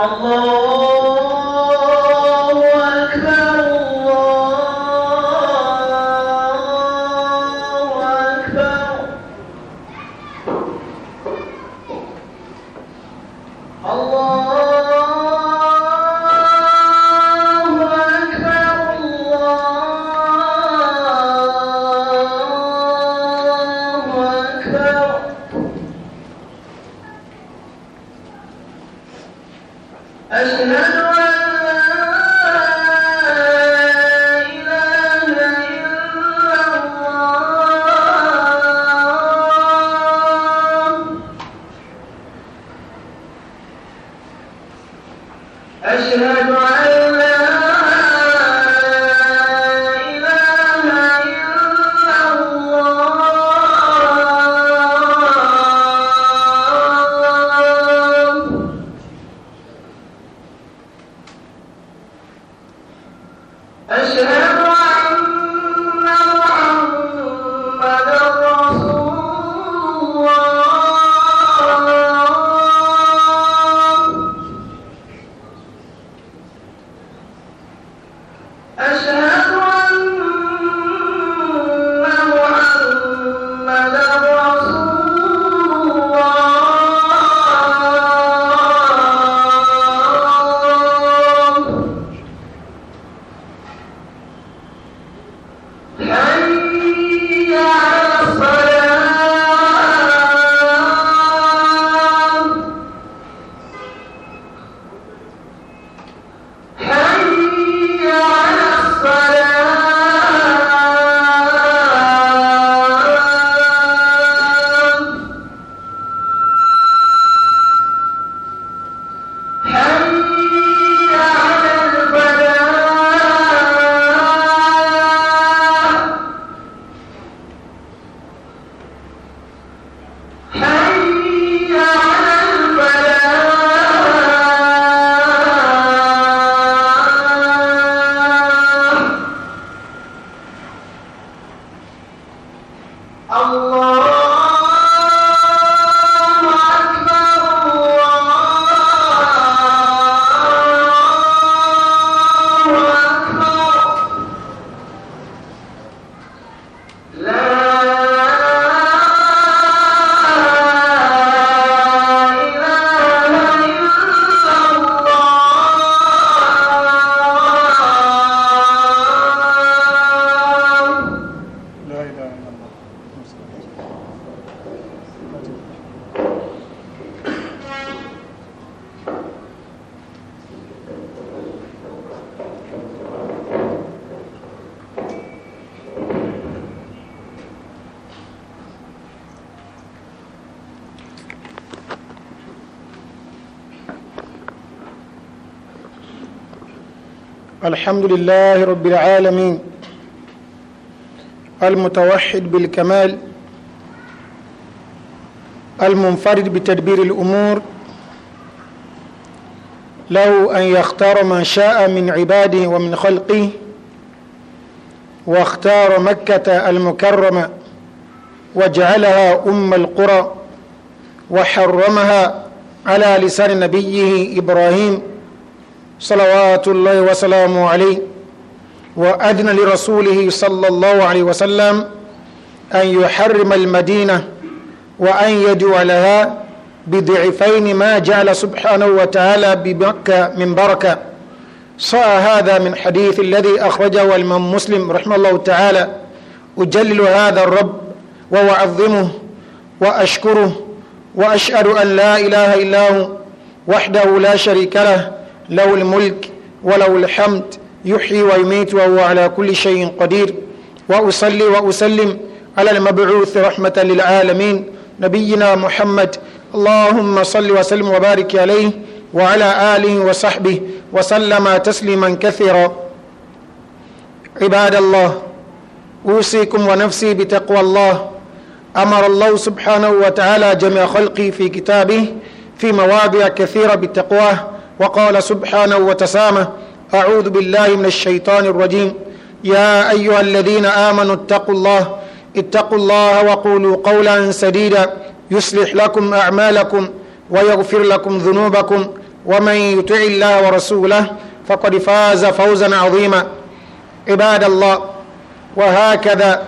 Allah الحمد لله رب العالمين المتوحد بالكمال المنفرد بتدبير الأمور له أن يختار من شاء من عباده ومن خلقه واختار مكة المكرمة وجعلها أم القرى وحرمها على لسان نبيه إبراهيم صلوات الله وسلامه عليه وأدنى لرسوله صلى الله عليه وسلم أن يحرم المدينة وأن يدعو لها بضعفين ما جعل سبحانه وتعالى بمكة من بركة صاء هذا من حديث الذي أخرجه الإمام مسلم رحمه الله تعالى أجلل هذا الرب وأعظمه وأشكره وأشهد أن لا إله إلا هو وحده لا شريك له له الملك وله الحمد يحيي ويميت وهو على كل شيء قدير وأصلي وأسلم على المبعوث رحمة للعالمين نبينا محمد اللهم صل وسلم وبارك عليه وعلى آله وصحبه وسلم تسليما كثيرا عباد الله أوصيكم ونفسي بتقوى الله أمر الله سبحانه وتعالى جميع خلقه في كتابه في مواضع كثيرة بتقواه وقال سبحانه وتسامه أعوذ بالله من الشيطان الرجيم يا أيها الذين آمنوا اتقوا الله اتقوا الله وقولوا قولا سديدا يصلح لكم أعمالكم ويغفر لكم ذنوبكم ومن يطع الله ورسوله فقد فاز فوزا عظيما عباد الله وهكذا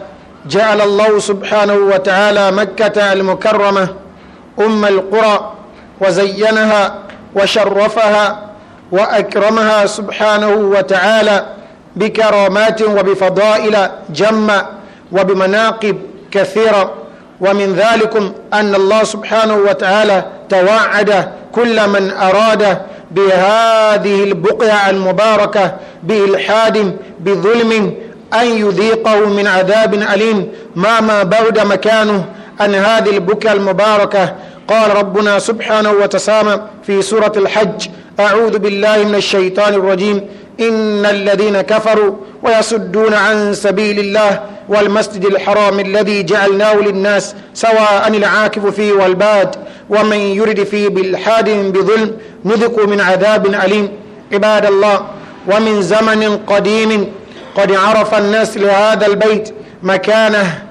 جعل الله سبحانه وتعالى مكة المكرمة أم القرى وزينها وشرفها واكرمها سبحانه وتعالى بكرامات وبفضائل جمة وبمناقب كثيرة ومن ذلكم أن الله سبحانه وتعالى توعد كل من أراد بهذه البقعة المباركة بإلحاد بظلم أن يذيقه من عذاب أليم ما ما بعد مكانه أن هذه البقعة المباركة قال ربنا سبحانه وتسامى في سورة الحج أعوذ بالله من الشيطان الرجيم إن الذين كفروا ويصدون عن سبيل الله والمسجد الحرام الذي جعلناه للناس سواء العاكف فيه والباد ومن يرد فيه بالحاد بظلم نذق من عذاب أليم عباد الله ومن زمن قديم قد عرف الناس لهذا البيت مكانه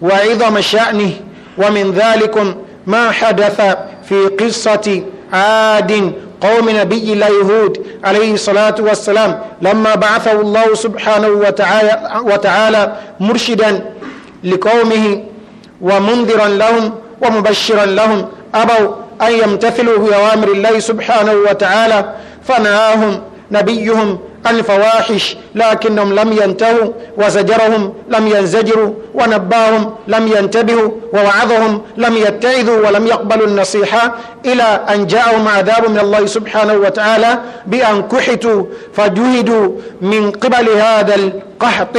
وعظم شأنه ومن ذلكم ما حدث في قصة عاد قوم نبي الله هود عليه الصلاة والسلام لما بعثه الله سبحانه وتعالى, وتعالى مرشدا لقومه ومنذرا لهم ومبشرا لهم أبوا أن يمتثلوا بأوامر الله سبحانه وتعالى فنهاهم نبيهم الفواحش لكنهم لم ينتهوا وزجرهم لم ينزجروا ونباهم لم ينتبهوا ووعظهم لم يتعظوا ولم يقبلوا النصيحة إلى أن جاءهم عذاب من الله سبحانه وتعالى بأن كحتوا فجهدوا من قبل هذا القحط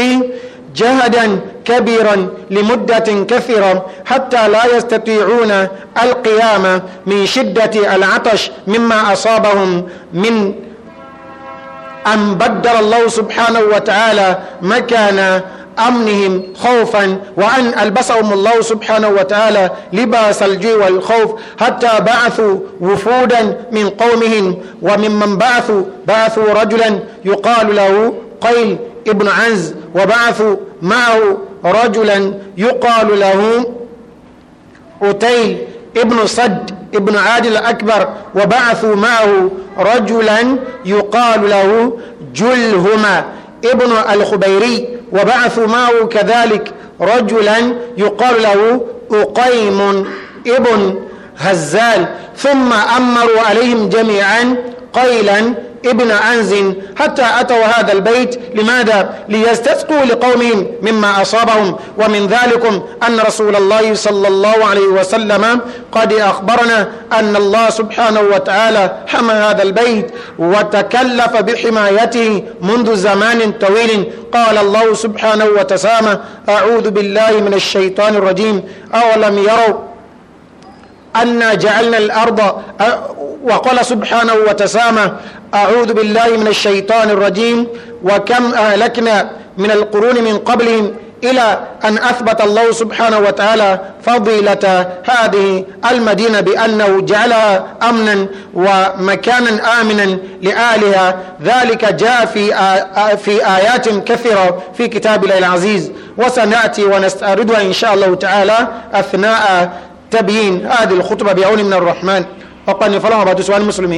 جهدا كبيرا لمدة كثيرة حتى لا يستطيعون القيامة من شدة العطش مما أصابهم من أن بدر الله سبحانه وتعالى مكان أمنهم خوفا وأن ألبسهم الله سبحانه وتعالى لباس الجوع والخوف حتى بعثوا وفودا من قومهم وممن بعثوا بعثوا رجلا يقال له قيل ابن عنز وبعثوا معه رجلا يقال له أتيل ابن صد ابن عادل الأكبر وبعثوا معه رجلا يقال له جلهما ابن الخبيري وبعثوا معه كذلك رجلا يقال له أقيم ابن هزال ثم أمروا عليهم جميعا قيلا ابن عنز حتى أتوا هذا البيت لماذا؟ ليستسقوا لقومهم مما أصابهم ومن ذلكم أن رسول الله صلى الله عليه وسلم قد أخبرنا أن الله سبحانه وتعالى حمى هذا البيت وتكلف بحمايته منذ زمان طويل قال الله سبحانه وتسامى أعوذ بالله من الشيطان الرجيم أولم يروا أنا جعلنا الأرض وقال سبحانه وتسامى أعوذ بالله من الشيطان الرجيم وكم أهلكنا من القرون من قبلهم إلى أن أثبت الله سبحانه وتعالى فضيلة هذه المدينة بأنه جعلها أمنا ومكانا آمنا لآلها ذلك جاء في, في آيات كثيرة في كتاب الله العزيز وسنأتي ونستعرضها إن شاء الله تعالى أثناء تبيين هذه الخطبة بعون من الرحمن ọ̀pá ní fọlọ́wọ́n bá tó sọ wá ní mùsùlùmí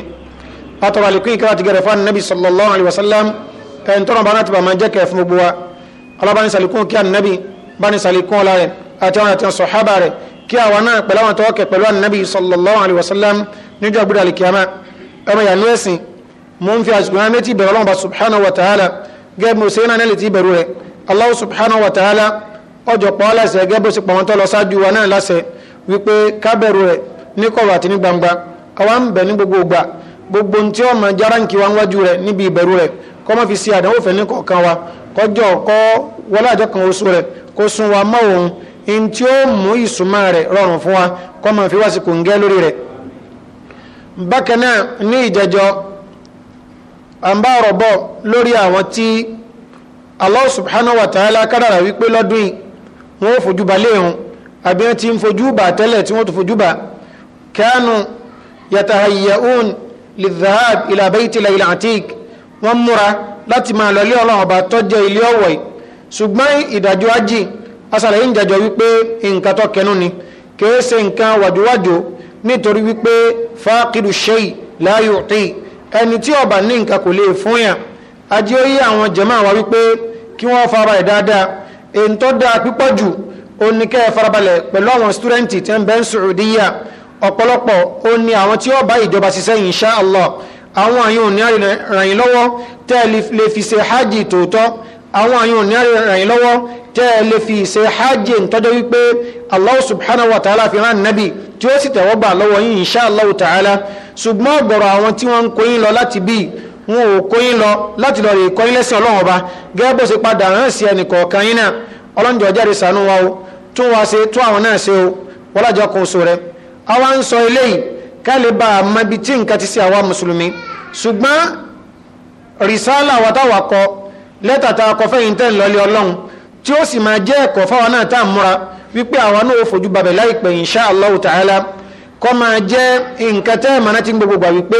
àtọ̀rọ̀ àlékún ìkẹ́wà ti gẹ̀rẹ̀ fún ànábì sallallahu alayhi wa sallam ẹ̀yìn tọ́nà bá náà ti bà máa jẹ́ kẹ́ fún gbogbo wa alábàáni sàlékún kí ànábì bá ní sàlékún ọ̀la rẹ̀ àti àwọn àti sọ̀hábà rẹ̀ kí àwa náà pẹ̀lú àwọn tọ́wọ́kẹ̀ pẹ̀lú ànábì sallallahu alayhi wa sallam níjọ́ gbúdà lè kíyàmá ọmọ ìyànú ẹ̀sìn mo ń fi àsìkò náà méjì bẹ̀rù ọlọ́run bá subhanahu wa ta'ala gẹ́gẹ́ bí mo ṣe náà nílẹ̀ tí bẹ̀rù rẹ̀ Allah subhanahu wa ta'ala ọjọ́ pọ̀ ọ́ láṣẹ gẹ́gẹ́ bó ṣe pọ̀ wọn tọ́ lọ ṣáájú wa náà láṣẹ wípé ká bẹ̀rù rẹ̀ ní kọ̀rọ̀ àti ní gbangba káwa ń bẹ̀ ní gbogbo gbà gbogbo ohun tí ó máa jára ń kí wa níwájú rẹ̀ níbi ìbẹ̀rù rẹ̀ kọ́ mọ́ fi ṣe àdánwò fẹ́ ní kọ̀ọ̀kan wa kọjọ́ kọ́ wọlé àjọ kan oṣù rẹ̀ kó sun wa mọ́ òun in tí ó mú ìsúnmọ́ rẹ̀ rọrùn fún wa kọ́ mọ́ fi wá sí kòǹgẹ́ lórí rẹ̀ bákan náà ní ìjẹjọ́ à ń bá ọ̀rọ̀ bọ̀ lórí àwọn tí Allah subhanahu wa ta'ala kádàrà wípé lọ́dún yìí wọ́n fojú ba léèhùn àbí wọ́n ti ń fojú bà tẹ́lẹ̀ tí wọ́n tó fojú bà á كانوا يتهيئون للذهاب إلى بيت الله العتيق wọ́n múra láti máa lọ ilé ọlọ́run ọba tó jẹ́ ilé ọ̀wọ̀ yìí ṣùgbọ́n ìdájọ́ ajì asàlẹ̀ yìí ń jẹjọ́ wípé nǹkan tó kẹnu ni kìí ṣe nǹkan wàjúwàjò nítorí wípé fáàkìrù ṣẹ́yì la yu'ti ẹni tí ọba ní nǹkan kò lè fún yàn ajé ó yí àwọn jẹ̀mọ́ àwa wípé kí wọ́n farabalẹ̀ dáadáa èyí tó dáa pípọ̀ jù ó farabalẹ̀ pẹ̀lú àwọn sítúrẹ́ǹtì tí wọ́n bẹ́ ń Saudiya ọ̀pọ̀lọpọ̀ ó ní àwọn tí ó bá ìjọba ṣiṣẹ́ insha Allah àwọn àyàn òní àrìnrìn lọ́wọ́ tẹ́ lè fi ṣe hajj tòótọ́ àwọn àyàn òní àrìnrìn lọ́wọ́ tẹ́ lè fi ṣe hajj tọ́jọ́ wípé Allah subhanahu wa ta'ala fi rán nabi tí ó sì tẹ̀wọ́ gbà lọ́wọ́ yìí insha Allah ta'ala ṣùgbọ́n ọ̀gọ̀rọ̀ àwọn tí wọ́n ń kóyín lọ láti bíi wọn ò kóyín lọ láti lọ rè kọ́yín lẹ́sìn ọlọ́run ọba gẹ́gẹ́ bó ṣe padà rán sí ẹnì kọ̀ọ̀kan yín náà ọlọ́njọ́ jáde sànú wa o tún wa ṣe tún àwọn náà ṣe o wọ́n lájọ kan oṣù àwa ń sọ eléyìí kálíbà àmọ́bi tí nǹkan ti ṣe àwa mùsùlùmí ṣùgbọ́n rìsálà wa táwa kọ lẹ́tà tá a kọ fẹ́yìn tẹ́ ń lọlé ọlọ́run tí ó sì máa jẹ́ ẹ̀kọ́ fáwa náà tá a múra wípé àwa náà ó fojú babẹ̀ láìpẹ́ insha Allah ta'ala kọ́ máa jẹ́ nǹkan tẹ́ ẹ̀mọ́ náà ti ń gbogbo gbà wípé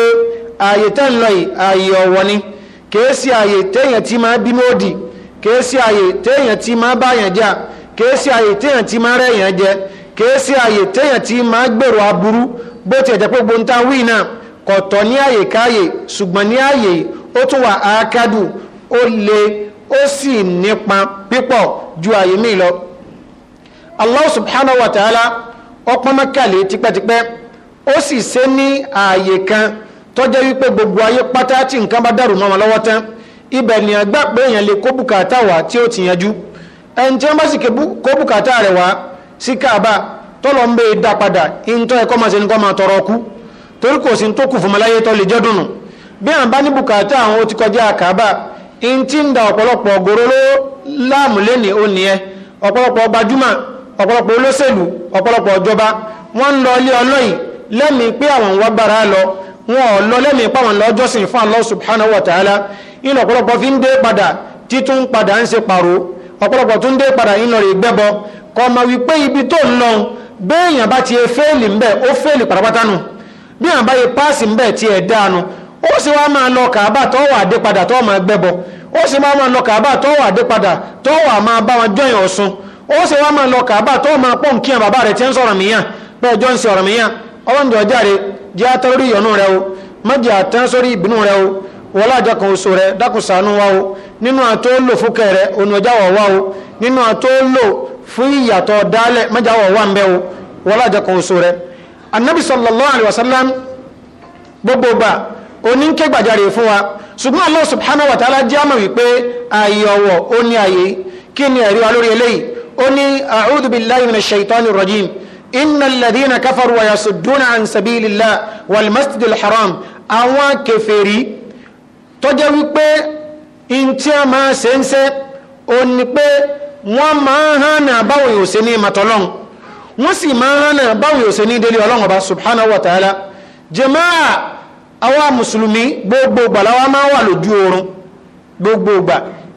ààyè tẹ́ ń lọ yìí ààyè ọ̀wọ́ ni kèé sí ààyè téèyàn ti máa bínú òdì kèé ààyè téèyàn ti máa báyàn jà kèé sí ààyè téèyàn ti máa rẹ̀yàn jẹ ka àyè téèyàn tí ma gbèrò aburú bó ti ẹ̀jẹ̀ pé gbóńtà wíì náà kọ̀tọ̀ ní àyè káyè ṣùgbọ́n ní àyè ó tún wà ákádù ó le ó ju àyè míì lọ. Allah subhanahu wa ta'ala ọpọ́n mẹ́kàlè tipẹ́tipẹ́ ó sì ṣe ní àyè kan wípé gbogbo ayé pátá tí nǹkan bá dàrú mọ́ wọn lọ́wọ́ tán ibẹ̀ ni àgbà pé èèyàn lè kó bùkátà wá sí káàbà tọ́lọ ń bẹ́ dá padà ìntọ́ ẹ̀kọ́ máa ṣe ní kọ́ máa tọrọ ọkú torí kò sí tó kù fún maláyé tọ́ lè jọ́dùnù bí ka bá ní bùkátà àwọn ó ti kọjá káàbà ń tí ń da ọ̀pọ̀lọpọ̀ ògoro ló lẹ́ni ó nìyẹn ọ̀pọ̀lọpọ̀ gbajúmọ̀ ọ̀pọ̀lọpọ̀ olóṣèlú ọ̀pọ̀lọpọ̀ ìjọba wọ́n ń lọ ilé ọlọ́yìn lẹ́mìí pé àwọn wá gbára lọ wọn ò lọ pé àwọn lọ́jọ́sìn fún fi ń dé padà ọmọ wípé ibi tó ń lọ béèyàn bá ti fẹ́ẹ̀lì ń bẹ̀ ó fẹ́ẹ̀lì pàtàpátá nù bí àwọn bá yẹ páàsì ń bẹ̀ tí ẹ̀ dáanu ó sì wá máa lọ kàábà tó wà dé padà tó ó sì máa lọ kàábà tó wà dé padà tó wà máa bá wọn jọyìn ọ̀sun ó sì wá máa lọ kàábà tó máa pọ̀ nkíyàn bàbá rẹ̀ tí ń sọ̀rọ̀ mìíyàn ń mìíyàn ọwọ́n jáde o ìbínú rẹ o wọlé àjọkàn oṣù rẹ dákùsànú wa o nínú àtó lò fúkẹ́ rẹ fún ìyàtọ̀ dálẹ̀ mẹ́jáwọ̀ wà ń bẹ́ o wọ́n lájẹ́ kan oṣù rẹ̀ annabi sallallahu alaihi wasallam gbogbo gbà oníkẹ́ gbàjarè fún wa ṣùgbọ́n Allah subhanahu wa ta'ala jẹ́ àmọ̀ wípé ààyè ọ̀wọ̀ ó ní ààyè kí ni ẹ̀rí wa lórí eléyìí ó ní a'udhu billahi minash rajim innal ladhina kafaru wa yasudduna an sabilillah wal masjidil haram àwọn kèfèrí tó jẹ́ wípé in tí a máa ṣe ń ṣe ó ní wọ́n máa ń hàn náà báwo yóò ṣe ní ìmọ̀tọ́lọ́n wọ́n sì máa ń hàn náà báwo yóò ní ìdílé ọlọ́run ọba subhanahu wa ta'ala jàmáà awa mùsùlùmí gbogbo ìgbà làwa máa wà lójú oorun gbogbo ìgbà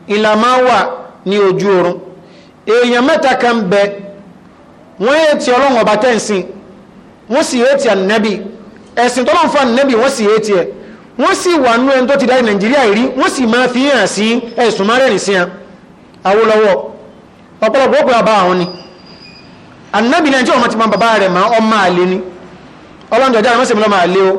ìlà máa wà ní ojú oorun èèyàn mẹ́ta kan bẹ wọ́n yé ti ọlọ́run ọba tẹ́ǹsìn wọ́n sì yé ti ànẹ́bì ẹ̀sìn tọ́lọ́run fún ànẹ́bì wọ́n sì yé ti ẹ̀ wọ́n sì wà nú ẹni tó ti dá Nàìjíríà rí wọ́n sì máa fi hàn sí ẹ̀sùn márẹ́rìn sí àwọn lọ́wọ́ ọ̀pọ̀lọpọ̀ òkúra bá àwọn ni annabi náà tí ọmọ ti ma bàbá rẹ̀ ma ọmọ àlè ni ọlọ́njọ́ jáde mọ́sí lọ́mọ àlè o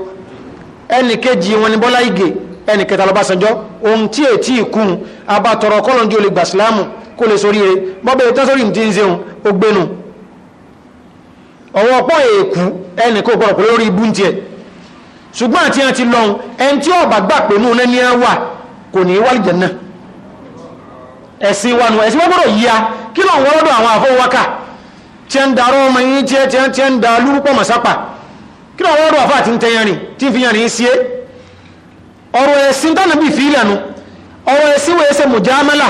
ẹnì kejì wọn ni bọ́lá ìgè ẹnì kẹta lọ́bàṣánjọ́ ohun tí ètí ìkún abatọrọ kọ́lọ́njọ́ olè gbàsílámù kó lè sórí rẹ̀ bọ́bẹ̀ tó sórí ti ń seun ó gbénu ọwọ́ ẹ̀sìn wa ẹ̀sìn wa gbọ́dọ̀ yíya kí lọ wọ́n lọ́dọ̀ àwọn àfọwọ́ká tí ń darọ́ ọmọ yìí tí ẹ tí ń da lúrúpọ̀ mọ̀sápà kí lọ wọ́n lọ́dọ̀ àfọ́ àti ń tẹyàn rìn tí ń fi yàn rìn sí é ọ̀rọ̀ ẹ̀sìn tánà bí fìlà nu ọ̀rọ̀ ẹ̀sìn wo ẹsẹ̀ mùjámẹ́là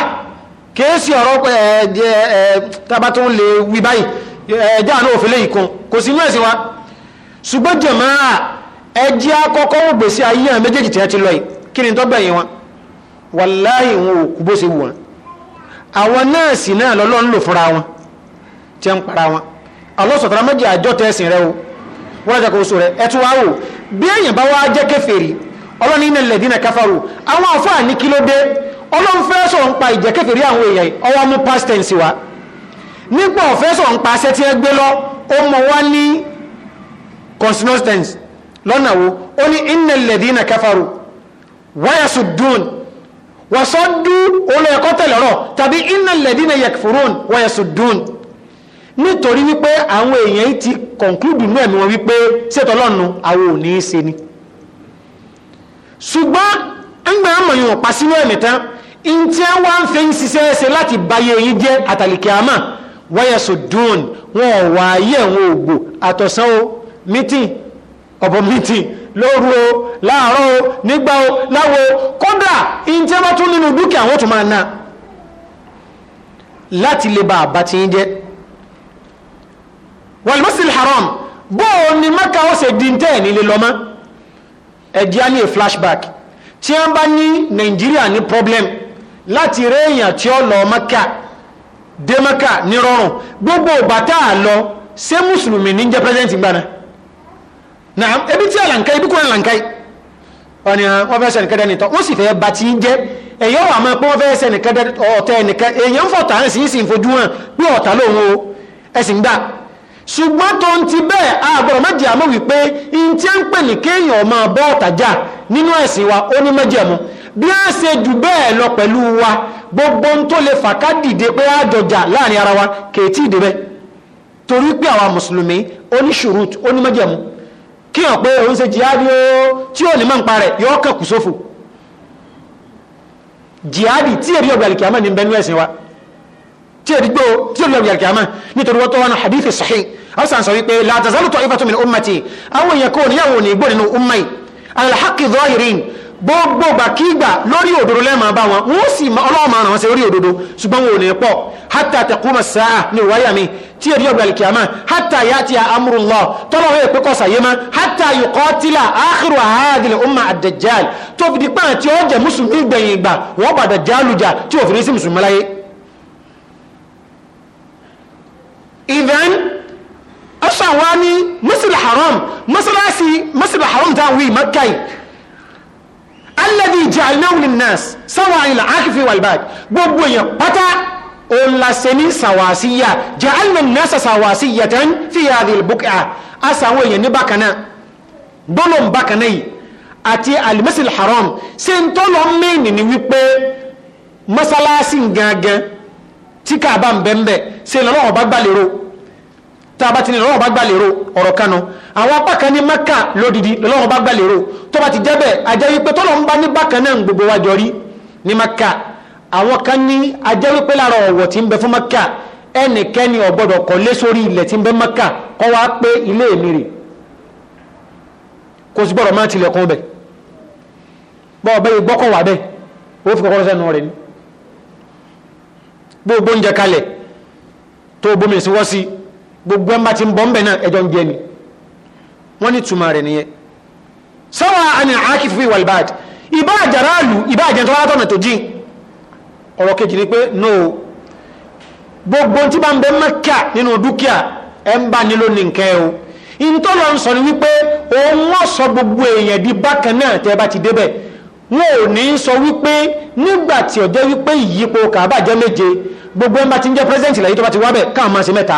kéésì ọ̀rọ̀ tábà tó ń lè wí báyìí ẹjẹ́ àná òfin wa ṣùgbọ́n jàmáà ẹjẹ́ àwọn nọ́ọ̀sì náà lọ́lọ́run lò fúnra wọn tí ń para wọn alọ́sọ̀tara méjì àjọ tẹ̀sìn rẹ o wọ́n jẹ́ kó so rẹ ẹ tún wá wò bí èèyàn bá wá jẹ́ kèfèrí ọlọ́run ní ilẹ̀ dínà káfàrò àwọn àfáà ní kí ló dé ọlọ́run fẹ́ sọ̀rọ̀ ń pa ìjẹ́ kèfèrí àwọn èèyàn ọwọ́ mú past wa nígbà ọ̀fẹ́ sọ̀rọ̀ ń pa aṣẹ́ tí ẹ gbé lọ ó mọ wá ní consonant lọ́nà wo ó ní ilẹ̀ dínà káfàrò wáyà sùdùn wọ́sọ́dú olóyẹ̀kọ́ tẹ̀lọ́rọ̀ tàbí iná lẹ̀dínà yẹ̀kfúrún wọ́yẹ̀sùdún nítorí wípé àwọn èèyàn ti kọ̀ǹklúdù ní ẹ̀mí wọn wípé ṣètọ́lọ́nu àwọn ní í ṣe ni ṣùgbọ́n ńgbà àmọ̀yàn ọ̀pá sínú ẹ̀mí tán in tí a wá ń fẹ́ ń ṣiṣẹ́ ṣe láti bayé yín jẹ́ àtàlìkẹ́ àmà lóru o láàárọ̀ o nígbà o láwo kódà ìjẹ́ bá tún nínú dúkìá wọ́n tún máa ná láti lè bá àbá ti ń jẹ́ wàlúmọ́sílì haram bóò ni mẹ́ka ó ṣe di tẹ́ nílé lọ́mọ́ ẹ̀dí á ní a flashback tí wọ́n bá ní nàìjíríà ní problem láti rẹ èèyàn tí ó lọ mẹ́ka dé mẹ́ka nírọ̀rùn gbogbo bàtà lọ ṣé mùsùlùmí ní jẹ́ pẹ́sẹ́ǹtì gbà naam ebi tí àlànkẹ́ ibi kúrò àlànkẹ́ ọ̀nì ah, wọ́n fẹ́ sẹ́nìkẹ́ dẹ́ni tọ́ ó sì fẹ́ bá ti jẹ́ èyàn wà máa pọ́n fẹ́ sẹ́nìkẹ́ dẹ́ni ọ̀tẹ́ ẹnìkẹ́ èyàn ń fọ̀tà ń sì ń sì ń fojú hàn pé ọ̀tà lòun o ẹ̀sìn gbà ṣùgbọ́n tó ń ti bẹ́ẹ̀ àgbọ̀rọ̀ méjì àmọ́ wípé in tí ń pè ní kéèyàn máa bọ́ ọ̀tàjà nínú ẹ̀sìn wa ó ní májẹ̀mú bí a ṣe jù bẹ́ẹ̀ lọ pẹ̀lú wa gbogbo ń tó lè fà ká dìde pé a jọjà láàrin ara wa kèétí ìdè torí pé àwa mùsùlùmí ó ní ṣùrùt ó kí hàn pé òun ṣe jihadi ó tí ò ní máa ń pa rẹ̀ yóò kàn kù sófò jihadi tí èrí ọ̀gbà àlìkìyàmá ní bẹnu ẹ̀sìn wa tí èrí gbó tí èrí ọ̀gbà àlìkìyàmá nítorí wọ́n tó wà ní hadith sahih ọ̀sán sọ wípé la tazalu ummati àwọn èèyàn kò níyàwó ní igbó nínú ummai ala al gbogbo gbàkígbà lórí òdodo lẹ́màá bá wọn wọ́n sì ọlọ́wọ́ máa ràn wọ́n sí lórí òdodo ṣùgbọ́n wọn ò ní pọ̀ hátà tẹ̀kúmọ̀ sáà ní ìwáyà mi tí èdè ọgbà ìkìyàmá hátà yá ti àmúrùlọ tọ́lọ̀ wọ́n èpè kọ́sà yé má hátà yòkọ́ tílà áhìrò àhádìlẹ̀ ọmọ àdẹ̀jáàl tó fi di pàà tí ó jẹ́ mùsùlùmí gbẹ̀yìn ìgbà wọ́n bà dẹ̀jáàlù tí òfin sí mùsùlùmí láyé. ìdán ọ̀sán wa ní mùsùlùmí haram mùsùlùmí haram táwọn wí mọ́kàì alẹ́bí ìjà alẹ́wùn nọ́ọ̀s sáwọn àìlà ákìfì wàlbáàd gbogbo èèyàn pátá òǹlàṣẹ́ní sàwàsíyà jẹ́ alẹ́wùn nọ́ọ̀s sàwàsíyà tán fi yàrá ìbùkà àsàwọn èèyàn ní bákanáà gbọ́nà bákanáà yìí àti alimẹ́sìl haram ṣe ń tọ́lọ mẹ́rin ni wípé mọ́sálásí gangan tí kàbá ń bẹ́ńbẹ́ ṣe lọ́wọ́ bá gbàlérò tá a bá ti ní lọ́wọ́ bá gbà lérò ọ̀rọ̀ kanu àwọn apá kan ní maka lódìdí lọ́wọ́ bá gbà lérò tó bá ti jẹ́ bẹ́ẹ̀ ajẹ́ wípé tọ́lọ̀ ń bá ní bákan náà gbogbo wa jọ rí ní maka àwọn kan ní ajẹ́ wípé lára ọ̀wọ̀ tí ń bẹ fún maka ẹnikẹ́ni ọ̀gbọ́dọ̀ kọ́lé sórí ilẹ̀ tí ń bẹ maka kọ́ wá pé ilé mi rè kò sí gbọ́dọ̀ máa tilẹ̀ kún bẹ̀ bọ́ ọ̀bẹ bẹ́ẹ̀ gbogbo ẹ̀ ń bá ti ń bọ́ ń bẹ̀ náà ẹjọ́ ń jẹ́ ni wọ́n ní túmọ̀ rẹ̀ nìyẹn sọ́wọ́ àni àákìfù bí wàlbáàdì ìbá àjàrà àlù ìbá àjẹ́ tọ́lá tọ̀nà tó jìn ọ̀rọ̀ kejì ni pé no gbogbo tí bá ń bẹ mẹ́kà nínú dúkìá ẹ̀ ń bá nílò ní nǹkan o ìtọ́lọ̀ ń sọ ni wípé òun wọ́n sọ gbogbo èèyàn di bákan náà tẹ́ bá ti débẹ̀ wọn ò ní sọ wípé nígbà tí ọjọ́ wípé ìyípo kàbàjẹ́ méje gbogbo ẹ̀ ń bá ti ń jẹ́ pírẹ́sẹ̀ntì lẹ́yìn tó bá ti wá bẹ̀ káà máa ṣe mẹ́ta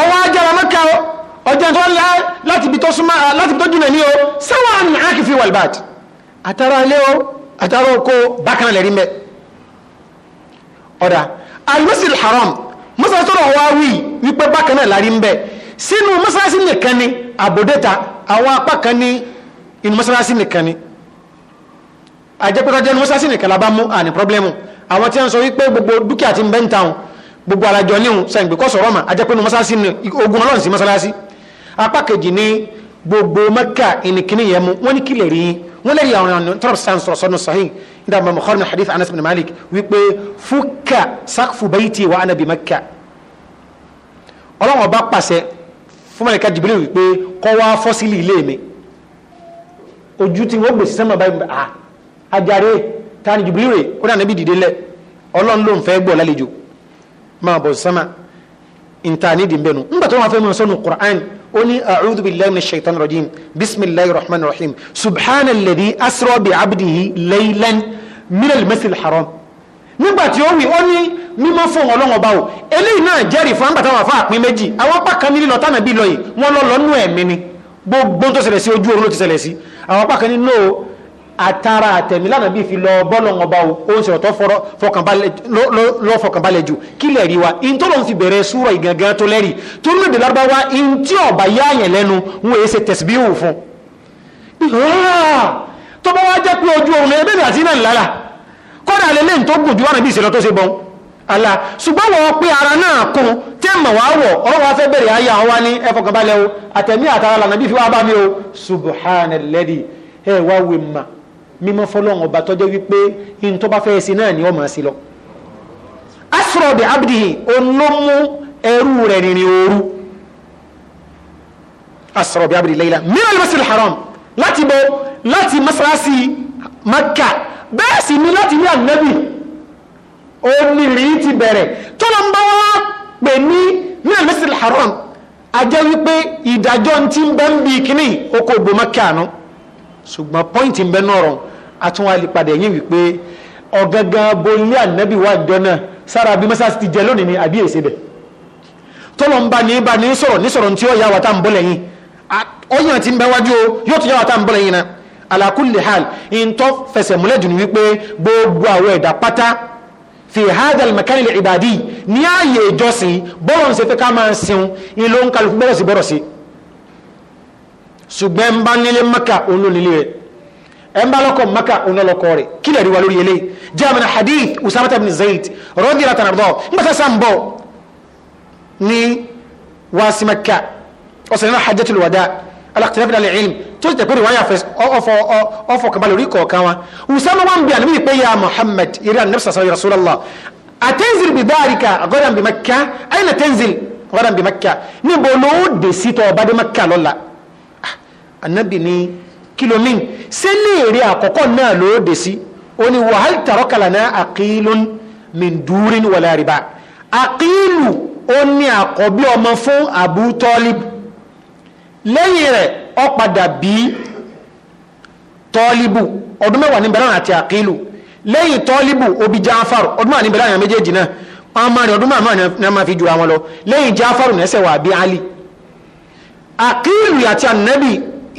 ọwọ́ ajára mẹ́ka ọjọ́ tó lá láti bí tó súnmọ́ láti bí tó jùlọ ní o sáwọn àmì àkìfì walbad àtàrà ilé o àtàrà oko bákan lẹ́rí mẹ́ ọ̀dà almasjid haram mọ́sálásí tọ́rọ̀ wá wí wípé bákan náà lárí ń bẹ sínú mọ́sálásí nìkan ni àbòdẹ́ta àwọn apá kan ní inú mọ́sálásí nìkan ni àjẹpẹ́tọ́jẹ́ inú mọ́sálásí nìkan la bá mú àní pọ́blẹ́mù àwọn tí wọ́n sọ wípé gbogbo dúkìá ti ń bẹ́ńtà gbogbo arajọ níhun sẹ́yìn pé kọ́sọ̀rọ̀ mà ajẹ́pẹ́nu mọ́sálásí ni ogun ọlọ́run sí mọ́sálásí apá kejì ní gbogbo mẹ́kà ìnìkíní yẹn mu wọ́n ní kí lè rí yín wọ́n lè rí àwọn ọ̀nà tọ́rọ̀ sáà ń sọ̀rọ̀ sọ́nù sahih nígbà mọ̀ mọ̀kọ́rin hadith anas bin malik wípé fúkà sáfù bayti wa anabi mẹ́kà ọlọ́run ọba pàṣẹ fún mẹ́kà jibril wípé kọ́ wá fọ́sílì ilé mi ojú tí wọ́n gbèsè sẹ́mọ̀ báyìí àjàre ah, tani jibril rè ó dà níbi dìde lẹ̀ ọlọ́run ló ń fẹ́ gbọ́ lálejò máa bọ̀ sánmà ntaani di nbẹnu ngbà tó wọn fẹ́ mi sọnù qur'an ó ní a'udhu billahi minash shaitanir rajim bismillahir rahmanir rahim subhanalladhi asra bi abdihi laylan minal masjidil haram nígbà tí ó wí ó ní mímọ́ fún ọlọ́wọ́ báwò eléyìí náà jẹ́rìí fún àgbàtà wà fún àpín méjì àwọn pàkan ní lílọ tánà bí lọ yìí wọ́n lọ lọ́nú ẹ̀mí ni gbogbo tó ṣẹlẹ̀ sí ojú oorun ló ti ṣẹlẹ̀ sí àwọn pàkan ní nóò àtàrà àtẹ̀mí lánàá bí fi lọ bọ́ọ̀lù ọba o ó ń sọ̀rọ̀ tó fọkànbalẹ̀ jù kí lẹ̀ rí wa in tó lọ́n fi bẹ̀rẹ̀ súrọ̀ ìgangan tó lẹ́rì tó ní èdè lárúbáwá in tí ọ̀bà yáàyàn lẹ́nu ń wèé ṣe tẹ̀síbíhù fún ah! tó bá wá jẹ́ pé ojú oorun ẹgbẹ́ ìgbà tí náà lára kọ́dà lélẹ́ tó gùn ju wánà bí ìṣẹ̀lẹ̀ tó ṣe bọ́n àlà ṣùgbọ́n wọ́n pé ara náà kún tẹ́mọ̀ wá wọ̀ ọ̀rọ̀ wá fẹ́ bẹ̀rẹ̀ ayé àwọn wá ní ẹfọkànbalẹ̀ o àtẹ̀mí àtàrà lànà bí fi wá bá mi o subhanalladhi ẹ wá wí mà mímọ́ fọlọ́n ọba tọ́jọ́ wípé ntọ́ bá fẹ́ẹ́ sí náà ni ọmọ sí lọ. asrọ̀bì abdihi olómú ẹrú rẹ̀ rìnrìn òru asrọ̀bì abdihi layla min al haram láti bọ láti masalasi Makka bẹ́ẹ̀ sì ni láti ní ànábì onírìí ti bẹ̀rẹ̀ tọ́lọ́ ń bá wá pè ní ní al-masjid al-haram ajẹ́ wípé ìdájọ́ ti ń bẹ́ ń bi kíní oko ògbó Makka náà ṣùgbọ́n pọ́ìntì ń bẹ náà rọ̀ àtúnwá lè padà ẹ̀yìn wípé ọ̀gángan bolí ànábì wà jọ náà sára bí mọ́sáàsì ti jẹ lónìí ni àbí èsè bẹ̀ tọ́lọ̀ ń bá ní bá ní sọ̀rọ̀ ní sọ̀rọ̀ tí ó yà wà ń bọ̀ lẹ́yìn ọyàn ti ń bẹ wájú o yóò tún yà wà tá ń bọ̀ lẹ́yìn náà ala kulli hal ìntọ́ fẹsẹ̀ múlẹ̀ jù ní wípé gbogbo àwọn ẹ̀dá pátá fi hadal makani li ibadi ní ààyè ìjọsìn bọ́rọ̀ ń ṣe fẹ́ ká máa ń sin ìlú ń kálukú bọ́rọ̀ sí bọ́rọ̀ sí ṣùgbọ́n ń bá nílé maka òun ló nílé rẹ̀ ẹn bá lọ́kọ̀ maka òun lọ́kọ̀ rẹ̀ kí lè rí wa lórí eléyìí jẹ́ àmì hadith usama ibn zayd rọ́dí ra tànàbọ̀ nígbàtà sàmbọ̀ ní wàásí maka ọ̀sẹ̀ nínú hajjatul wada alakitina fìlà ilm tó ti tẹ̀pẹ́rẹ́ wáyà ọ̀fọ̀ kaba lórí kọ̀ọ̀kan wa usama wọn bí ànàbí pé ya muhammad eré ànàbí sàṣà ya rasulallah atẹ́nzil bi dárika gọ́dàn bi maka ayna tẹ́nzil gọ́dàn bi maka níbo ló dé sí tọ́ ọba dé maka lọ́la anabi ní kilomin ṣé ní èrè àkọ́kọ́ náà si dé sí ó ní wàhálì tàrọ́ kàlànà àkìlún mìndúrin wàlá rìbá àkìlù ó ní àkọ́bí ọmọ fún Abu Talib lẹ́yìn rẹ̀ bi padà bí tọ́líbù ọdún mẹ́wàá ní bẹ̀rẹ̀ àti àkìlù lẹ́yìn tọ́líbù obi jáfàrù ọdún mẹ́wàá ní bẹ̀rẹ̀ àwọn méjèèjì náà wọn máa rìn ọdún mẹ́wàá ní ni máa fi jura wọn lọ lẹ́yìn jáfàrù nẹ́sẹ̀ wà bí Ali àkìlù àti ànábì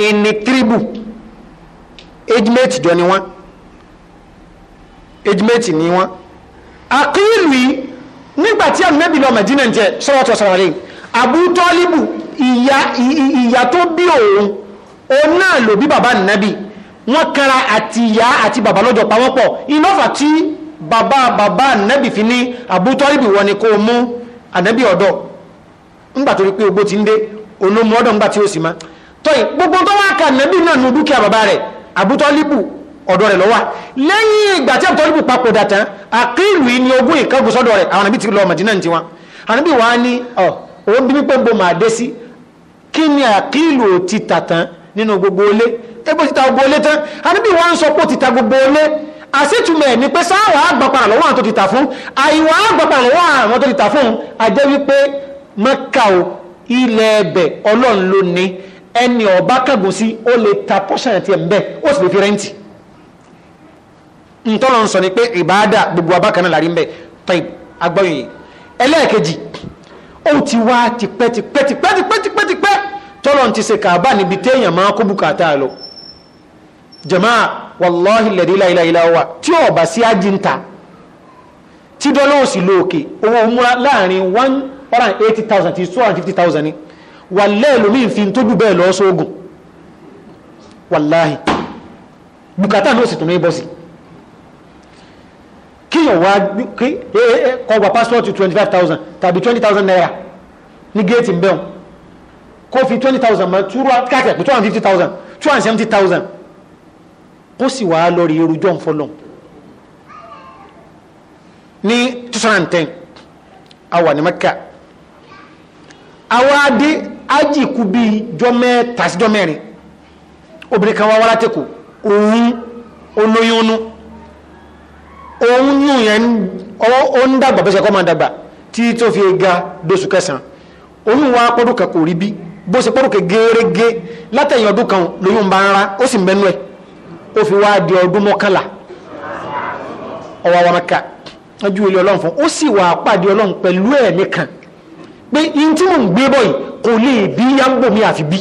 ìní tíríbù ejimeti jọ ni wọn ejimeti ni wọn akiri yìí nígbàtí ànábì lọ mẹdínà jẹ sọwọtọ sọ̀rọ̀ rẹ̀ àbútọ́líbù ìyá tó bí òun òun náà ló bí bàbá ànábì wọ́n kára àti ìyá àti bàbá lọ́jọ́ pawọ́pọ̀ ìlọ́fà tí baba baba fi ní wọn ni kò mú ànábì ọ̀dọ̀ ńgbà tó rí pé ogbó ti ń dé ńgbà tí ó sì máa tọ́yì gbogbo tó wá kà nẹ́bí náà nù dúkìá bàbá rẹ̀ àbútọ́líbù ọ̀dọ̀ rẹ̀ lọ́wà lẹ́yìn ìgbà tí àbútọ́líbù papòdà tán àkílù ní ogún ìkẹ́gùn sọ́dọ̀ rẹ̀ àwọn àbí ti lọ màdínà ní tiwọn àbí wàá ní ọ bí pé bo màá dé sí kí ni àkílù ò ti tà tán nínú gbogbo ilé ebó ti ta gbogbo ilé tán àbí wàá ń sọ pé ó ti ta gbogbo ilé àṣètùmẹ̀ ni pé sáwà àgbàpàrà lọ́wọ́ àwọn tó ti tà fún àìwà àgbàpàrà lọ́wọ́ àwọn tó ti tà fún àjẹ́ wípé mẹ́kà ilẹ̀ ẹ̀bẹ̀ ọlọ́run ló ní ẹni ọba kàgùn sí ó lè ta pọ́ṣán àti ẹ̀m̀bẹ́ ó sì lè fi rẹ́ǹtì ntọ́lọ́ ń sọ ni pé ìbáadà gbogbo abákan náà lárí ń bẹ̀ tọ́yìn agbọ́yìn yìí ẹlẹ́ẹ̀kejì ó ti wá tipẹ́ tipẹ́ tipẹ́ tipẹ́ tipẹ́ tipẹ́ tọ́lọ́ ti ṣe kàbá níbi téèyàn máa kó bùkátà lọ jàmáà wàláhì lẹ́dí láìláìlá wa tí ọba sí ajínta tí dọ́lọ́ọ̀sì lóòkè owó múra láàrin one hundred and eighty thousand to two hundred and fifty thousand ni wà lẹ́ẹ̀lú mi fi tójú bẹ́ẹ̀ lọ sóògùn wàláhì bùkátà ló sì tún ní bọ́sì kíyàn wá kọgbà pásítọ̀tì 25,000 tàbí 20,000 naira ní géètì ń bẹ́hùn kó fi 20,000 ma túrú káàkiri pé 250,000 270,000 kó sì wá lọ rí erujọ́ ń fọlọ́ ní 2010 a wà ní Mẹ́kà Awa adé aji kwubi bí jọmẹ́ tàṣíjọmẹ́rin obìnrin kan wá wá látẹ̀kù òun olóyúnú òun yùn yẹn ó ń dàgbà bẹ́sẹ̀ kọ́ máa dàgbà tí tó fi ga dóṣù kẹsàn-án òun wá pọ́dún kan kò rí bí bó ṣe pọ́dún kan gẹ́rẹ́gẹ́ látẹ̀yìn ọdún kan lóyún bá ń ra ó sì mẹ́nu ẹ̀ ó fi wá di ọdún mọ́kànlá pé in tí mò ń gbé bọ̀ kò lè bí yáǹgbò mi àfi bí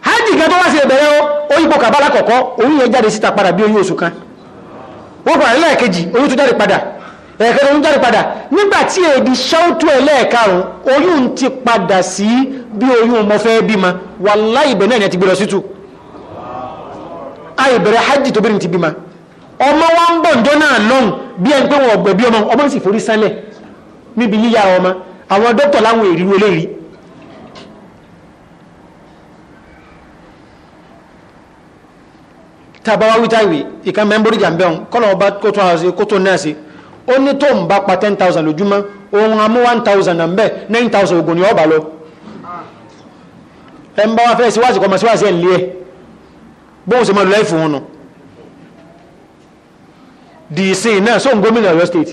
hajj kan tó wá sí ìbẹ̀rẹ̀ ó yípo kàbálà kọ̀kọ́ oyún yẹn jáde síta padà bí oyún oṣù kan wọ́n padà lẹ́ẹ̀kejì oyún tó jáde padà ẹ̀ẹ̀kan oyún jáde padà nígbà tí èdè ṣáútú ẹ̀ lẹ́ẹ̀karùn-ún ti padà sí bí oyún ọmọ fẹ́ bímọ wàláhì ti gbé lọ sítú àìbẹ̀rẹ̀ hajj tó bẹ̀rẹ̀ ti bímọ ọmọ wa bọ̀ ǹjọ́ náà lọ́hùn níbi yíyá ọmọ àwọn dókítà láwọn èrìrú eléyìí tàbáwá wítàwé ìkan mẹ́mbóríjà ń bẹ́ òun kọ́lọ̀ ọba kó tó àwọn kó tó náà ó ní tó ń bá pa ten thousand lójúmọ́ òun amú one thousand náà ń nine thousand ògùn ni ọba lọ ẹ ń bá wá fẹ́ síwájú kọ́mọ síwájú ẹ̀ ń lé ẹ̀ bóun ṣe máa lọ ẹ̀ nù dìísìn náà sóun gómìnà Ọ̀yọ́ state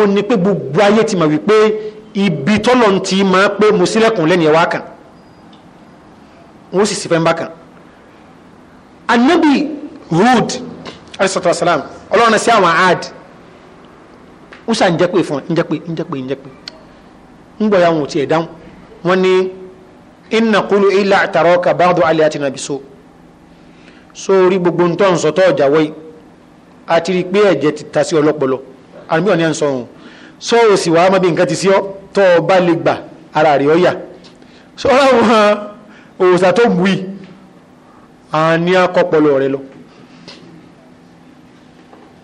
ó ní pé gbogbo ayé ti kpe wípé ibi tọ́lọ̀ ti máa pé mo sílẹ̀kùn lẹ́nu ẹ̀wá kan wọ́n sì sí fẹ́ńbà kan anabi Hud alayisalaatu wasalaam ọlọ́run sí àwọn ad ó sà ń jẹ́ fún ọ ń ń ń ń ya wọn ò tiẹ̀ dáhùn kulu ila gbogbo ntọ́nsọ̀tọ̀ ọjà wọ́yì àti rí pé ẹ̀jẹ̀ ti ta sí àmì ọ̀ní à so sọ ohun sọ ò sì wàá mọ́ bí nǹkan ti sí ọ tọ́ ọ bá lè gbà ara rẹ̀ ọ yà sọ láwọn òòsà tó wù í àní akọpọlọ rẹ lọ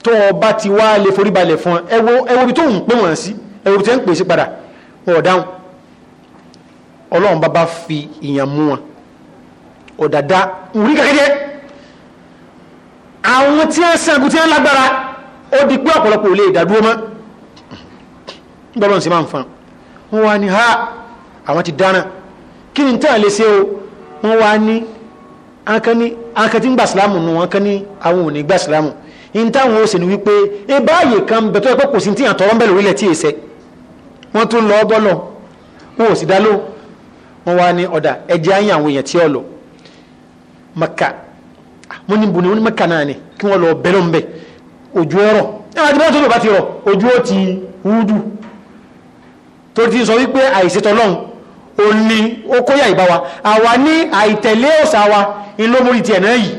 tó ọ bá ti wá lè foríbalẹ̀ fún ẹ ẹwọ bí tó ń pè wọ́n sí ẹwọ bí tó ń pè sí padà ọ̀dáhùn ọlọ́run bá bá fi ìyàn mú wọn ọ̀dàdá òrí kàkẹ́kẹ́ àwọn tí wọ́n sẹ́gun tí wọ́n lágbára ó di pé ọ̀pọ̀lọpọ̀ ò lè dàdúró mọ́ gbọ́dọ̀ sí máa ń fan wọ́n wá ní ha àwọn ti dáná kí ni tán lè ṣe o wọ́n wá ní akẹ́ni gbà sílámù nù wọ́n kẹ́ni àwọn ò gbà sílámù in táwọn ó sì ní wípé e báyìí kan bẹ̀tọ́ ẹ̀kọ́ kò sí tí yàn tọrọ ń bẹ̀ lórílẹ̀ tí èsẹ̀ wọ́n tún lọ bọ́lọ̀ wọn ò sì dá ló wọ́n wá ní ọ̀dà ẹjẹ́ ayé àwọn èèyàn tí ó lọ Maka ah, mo ní bùnú ní Maka náà ni kí wọ́n lọ bẹ̀rẹ̀ ojú ẹ̀rọ níwájú bá tóbi bá ti rọ̀ ojú ó ti húdù tó ti sọ wípé àìsètọ́lọ́hun ò ní ó kóyà ìbá wa àwa ní àìtẹ̀lé òsà wa ìlómórí tiẹ̀ náà yìí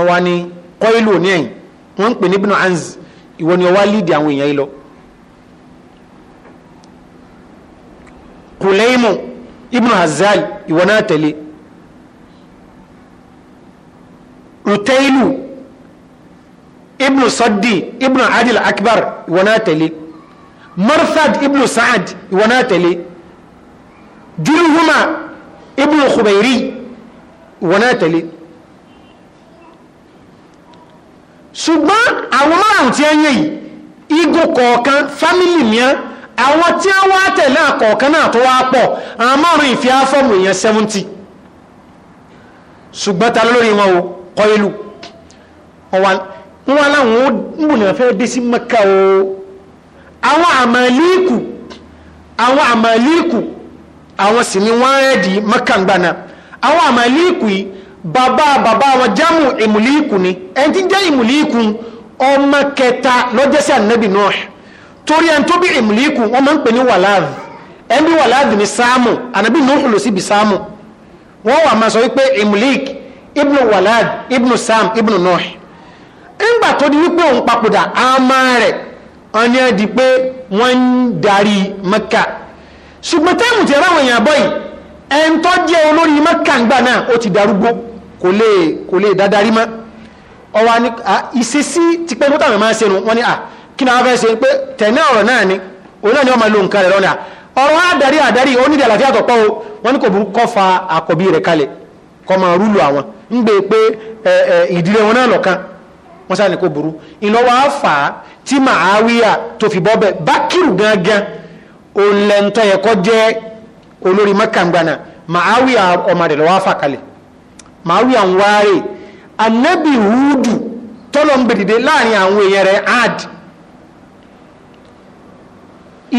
ọwa ni kọ́ìlú òní ẹ̀yìn wọ́n ń pè ní ibn ìwọ ni ọwá lídìí àwọn èèyàn yìí lọ ibn Hazal ìwọ náà tẹ̀lé Utailu ibnu saddi ibnu adil akbar ìwọ náà tẹ̀lé marthad ibnu saad ìwọ náà tẹ̀lé julhuma ibnu khubairi ìwọ náà tẹ̀lé ṣùgbọ́n àwọn márùn tí ẹ yẹ yìí igun kọ̀ọ̀kan fámílì mìíràn àwọn tí wọ́n wá tẹ̀lé àkọ̀ọ̀kan náà tó wá pọ̀ àwọn márùn ìfẹ́ afọ́mù èèyàn 70 ṣùgbọ́n ta lórí wọn o kọ́ ìlú ọwọ́ wọn aláwọn múnà fẹ́ dé sí mẹ́ka o àwọn àmàlíkù àwọn àmàlíkù àwọn sì ni wọ́n rẹ̀ di mẹ́ka gbaná àwọn àmàlíkù yìí bàbá bàbá wọn jámù ìmùlíkù ni ẹni tí ń jẹ́ ìmùlíkù ọmọ kẹta lọ́jẹ́sẹ̀ ànábì náà torí ẹni tó bí ìmùlíkù wọ́n máa ń pè ní wàláàdì ẹni bí wàláàdì ni sáàmù ànábì náà lò síbi sáàmù wọ́n wà máa sọ wípé ìmùlíkù ibnu wàláàdì ibnu sáàmù ibnu náà ńgbà tó di wípé òun papòdà àmà rẹ̀ ọ̀nà di pé wọ́n ń darí mẹ́kà ṣùgbọ́n táìmù ti ẹ̀rọ èèyàn bọ́ yìí ẹn tó jẹ́ olórí mẹ́kà ńgbà náà ó ti darúgbó kò lè kò lè dádarí mọ́ ọwọ́ ni ìṣesí ti pé mọ́tà mẹ́mọ́ ṣe nu wọ́n ní kí ni wọ́n fẹ́ ṣe pé tẹ̀lé ọ̀rọ̀ náà ni òun náà ni wọ́n máa lo nǹkan rẹ̀ lọ́nà ọ̀rọ̀ adarí adarí ó àlàáfíà tọ̀pọ̀ o wọ́n kò burú kọ́ fa àkọ́bí rẹ̀ kalẹ̀ kọ́ máa wọ́n sáà ní kò burú ìlọ́wọ́ àfà tí màáwíyà tó fi bọ́bẹ̀ bákìrù gangan olẹ́ntọ́ yẹ kọ́ jẹ́ olórí mọ́kàngbàna màáwíyà ọmọ rẹ̀ lọ́wọ́ àfà kalẹ̀ màáwíyà ń wáre anabi hudu tọ́lọ̀ ń bèdìde láàrin àwọn èèyàn rẹ̀ ad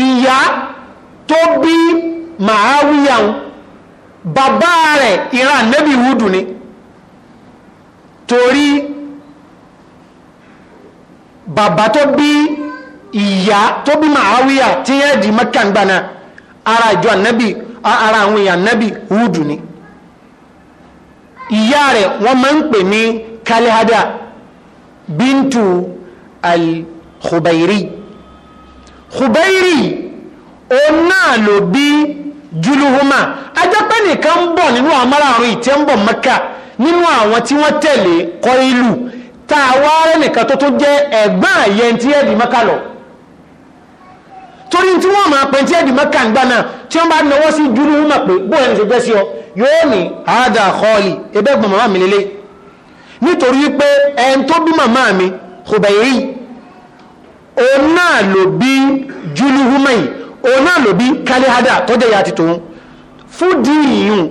ìyá tó bí màáwíyà bàbá rẹ̀ ìran anabi hudu ni torí bàbá tó bí ìyá tó bí màáwíyà tí yẹ́ di mẹ́kà ń gbaná ara ìjọ ànábì ara àwọn èèyàn ànábì húdù ni ìyá rẹ̀ wọ́n máa ń pè ní kalihada bintu al-khubairi khubairi òun náà ló bí juluhuma ajẹ́pẹ́ nìkan ń bọ̀ nínú àmàrà ìtẹ́ ń bọ̀ mẹ́kà nínú àwọn tí wọ́n tẹ̀lé kọ́ ìlú tàwárẹ́ nìkan tó tó jẹ́ ẹ̀gbọ́n àyẹ tí ẹ̀dì mọ́kà lọ torí tí wọ́n máa pẹ̀ tí ẹ̀dì mọ́kà ń tí wọ́n bá náwọ́ sí dúró mọ̀ pé bóyá ṣe gbé sí ọ yóò ní àádà kọ́ọ̀lì màmá mi nítorí pé ẹn tó bí màmá mi Khubayri òun náà ló bí júlùhùmẹ́yì òun náà ló bí kálíhádà tó jẹ́ ìyá ti fún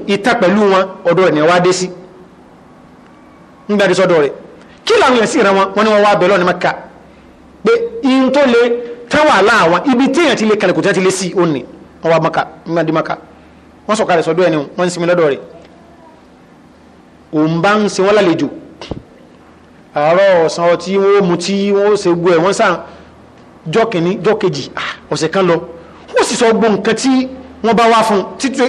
ìta pẹ̀lú wọn ọ̀dọ̀ ẹ̀ ní dé sí kí làwọn èèyàn sì rẹ wọn wọn ni wọn wá bẹ lọ́nà mẹ́ka pé ihun tó le tẹ́wọ̀ àlá àwọn ibi téèyàn ti lè kalẹ̀ kò tẹ́ ti lè sí òun ni wọn wá mẹ́ka mẹ́ka mẹ́ka wọn sọ kalẹ̀ sọdọ́ ẹni wọn ń sinmi lọ́dọ̀ rẹ̀ òun bá ń sin wọn lálejò àárọ̀ ọ̀sán ọtí wọn ó mu tí wọn ó ṣe gbọ́ ẹ̀ wọ́n sàn jọ́ kìíní jọ́ kejì ọ̀sẹ̀ kan lọ ó sì sọ gbọ́ nǹkan tí wọ́n bá wá fún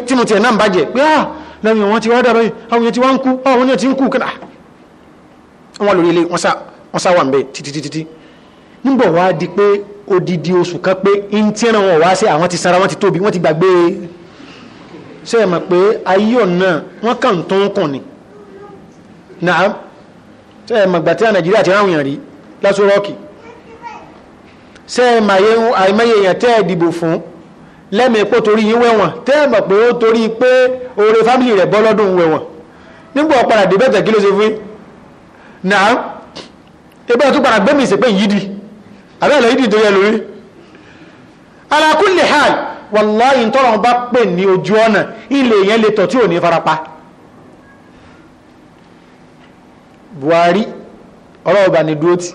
tínú tiẹ̀ náà ń bàjẹ́ pé ah lẹ́yìn wọn ti wá dàbẹ́ àwọn èèyàn ti wá ń kú àwọn èèyàn ti ń kú kẹ́nà wọ́n lórí ilé wọ́n sá wà ń bẹ títítítí nígbà wá di pé odidi oṣù kan pé ń tí ẹran wọn wá sí àwọn ti sanra wọn ti tóbi wọn ti gbàgbé ṣe é mọ̀ pé ayọ̀ náà wọ́n kàn tó ń kàn ni náà ṣe é mọ̀ gbà tí nàìjíríà ti ráhùn yàn rí lásù rọ́ọ̀kì ṣe é mọ̀ àìmọye èèyàn tẹ́ ẹ̀ dìbò fún lẹ́mìí pò torí yín wẹ̀wọ̀n tẹ́ ẹ̀ mọ̀ pé ó torí pé oore fámìlì rẹ̀ bọ́ lọ́dún wẹ̀wọ̀n nígbà ọ̀padà débẹ̀tẹ̀ kí ló ṣe fún yín náà ebe tó padà gbẹ́mì ìsẹ̀pẹ́ yìí di yìí tó yẹ lórí bá pè ní ojú ọ̀nà ilé yẹn lè tọ̀ tí ò ní farapa Buhari ọlọ́ọ̀bà ni dúró tí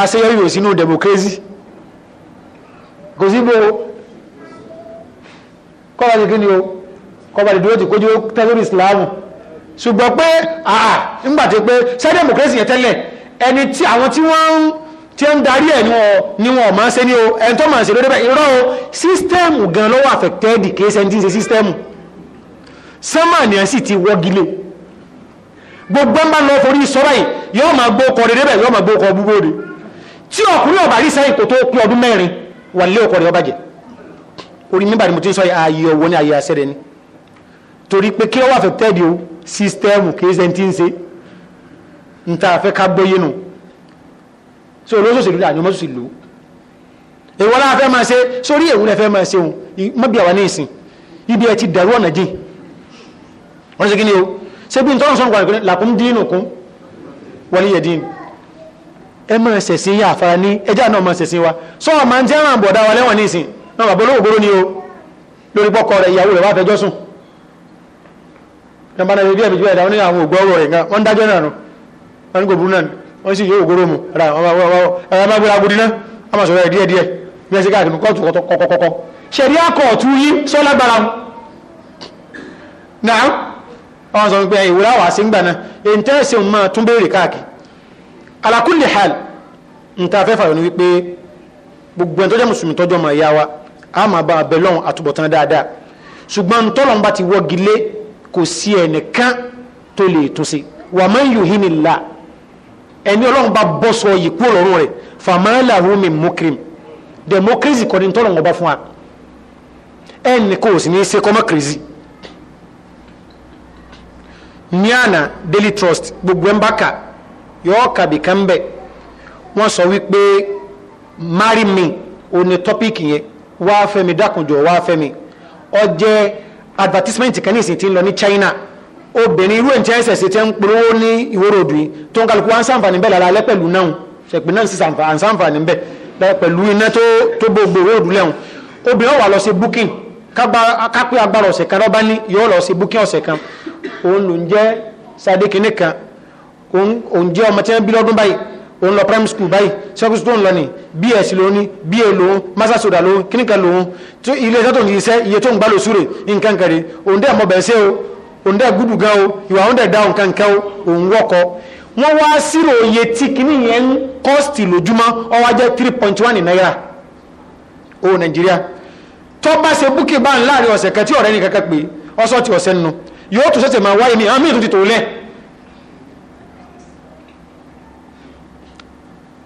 àṣeyọrí ò sínú democracy kò sí o kọ́bàdì dúró Islam ṣùgbọ́n pé àà nígbàtí pé ṣé democracy yẹn tẹ́lẹ̀ ẹni tí àwọn tí wọ́n ń darí ẹ̀ ni wọn máa ń ṣe ní o ẹni tó máa ń lórí bẹ́ẹ̀ irọ́ o gan lọ́wọ́ affected kìí ṣe ti ń ṣe ni a sì ti wọ́gilé gbogbo ń bá lọ forí sọ́rọ̀ yìí yóò máa gbó ọkọ̀ orí ti ń sọ ní sísítẹ́ẹ̀mù kìí ṣe ti ń ṣe yenu, ta àfẹ́ ká gbóyè nù so olóṣòṣèlú dà ní ọmọ ṣòṣèlú èwo la fẹ́ máa ṣe sórí èwo la fẹ́ máa ṣe òun mọ́bí àwa ní ìsìn ibi ẹ ti dàrú ọ̀nà jìn wọ́n ṣe kí ni o ṣé bí n tọ́nà sọ́nù kwàlùkùn làkún dínú kún wọlé yẹ dín ẹ máa ṣẹ̀sìn yà àfara ní ẹjá náà máa ṣẹ̀sìn wa sọ́wọ́n máa ń jẹ́ ràn bọ̀dá wa lẹ́wọ̀n ní ìsìn náà bàbá olówó gbóró ni o lórí pọ́kọ rẹ̀ ìyàwó rẹ̀ wá fẹjọ́ sùn nàbà náà yẹbi ẹbí ẹdá wọn ní àwọn ògbọ́wọ̀ rẹ̀ nǹkan wọn dájọ́ náà nù wọn kò burú náà ni wọn sì yóò gbóró mu ara àwọn agbóra agbóri náà a máa sọ̀rọ̀ ẹ̀ díẹ̀ díẹ̀ bí ẹ ṣe káàkiri mu kóòtù kọ́kọ́kọ́ ṣẹ̀rí akọ̀ọ̀tù yí sọ́lá gbára mu náà wọn sọ pé ìwúrà wà sí gbà náà èyí tẹ́ ṣe máa tún béèrè káàkiri ala kulli hal nta fẹ́ fàyọ̀ ni wípé gbogbo ẹni tó jẹ́ mùsùlùmí tọ́jọ́ máa yá wa a máa bá abẹ lọ́hùn àtúbọ̀tán dáadáa ṣùgbọ́n tọ́lọ́n bá ti wọ́gi lé kò sí ẹnìkan tó lè tún sí wa man yuhinillah ẹni ọlọ́run bá bọ́ sọ yìí kúrò lọ́rùn rẹ̀ fama lahu min mukrim democracy kọ́ni tọ́lọ̀ wọn bá fún wa ẹnì kò sì ní ṣe kọ́mọ́ kìrìsì ní àná daily trust gbogbo ẹ̀ ń bá kà yọ̀ọ́ kàbí kan bẹ̀ wọ́n sọ wípé marry me òní tọ́píìkì yẹn wá fẹ́mi dákunjọ wá fẹ́mi ọ jẹ́ advertisement kan ní ìsìn tí ń lọ ní China obìnrin irú ẹ̀ǹtí ẹ̀sẹ̀ sí ti ń polówó ní ìwórodù yìí tó ń kálukú wá ń sàǹfààní bẹ́ẹ̀ lára alẹ́ pẹ̀lú náà ṣẹ̀pẹ̀ náà sì sàǹfààní bẹ́ẹ̀ pẹ̀lú iná tó gbogbo ìwórodù lẹ́hùn obìnrin ó lọ sí booking kápẹ́ agbára ọ̀sẹ̀ kan rọ́bá ní yóò lọ sí booking ọ̀sẹ̀ kan òun ló ń jẹ́ sadikini kan òun jẹ́ ọmọ tí wọ́n bí lọ́dún báyìí òun lọ primary school báyìí secondary school lọ ní bs lòun ní ba lòun master soda lòun kíníkà lòun tó ilé iṣẹ́ tó ń iṣẹ́ iye tó ń gbá lò súre nǹkan kẹrì òun dẹ́ àmọ́bẹ̀ ṣe o òun dẹ́ gúdù gan o ìwà òun dẹ́ da nǹkan kẹ́ o òun wọ́kọ wọ́n wá sírò iye tí kíní yẹn ń kọ́ọ̀sì lójúmọ́ ó wá jẹ́ three point one náírà o nàìjíríà tó bá ṣe búkì bá ń láàrin ọ̀sẹ̀ kẹ́ ọ̀rẹ́ ní kankan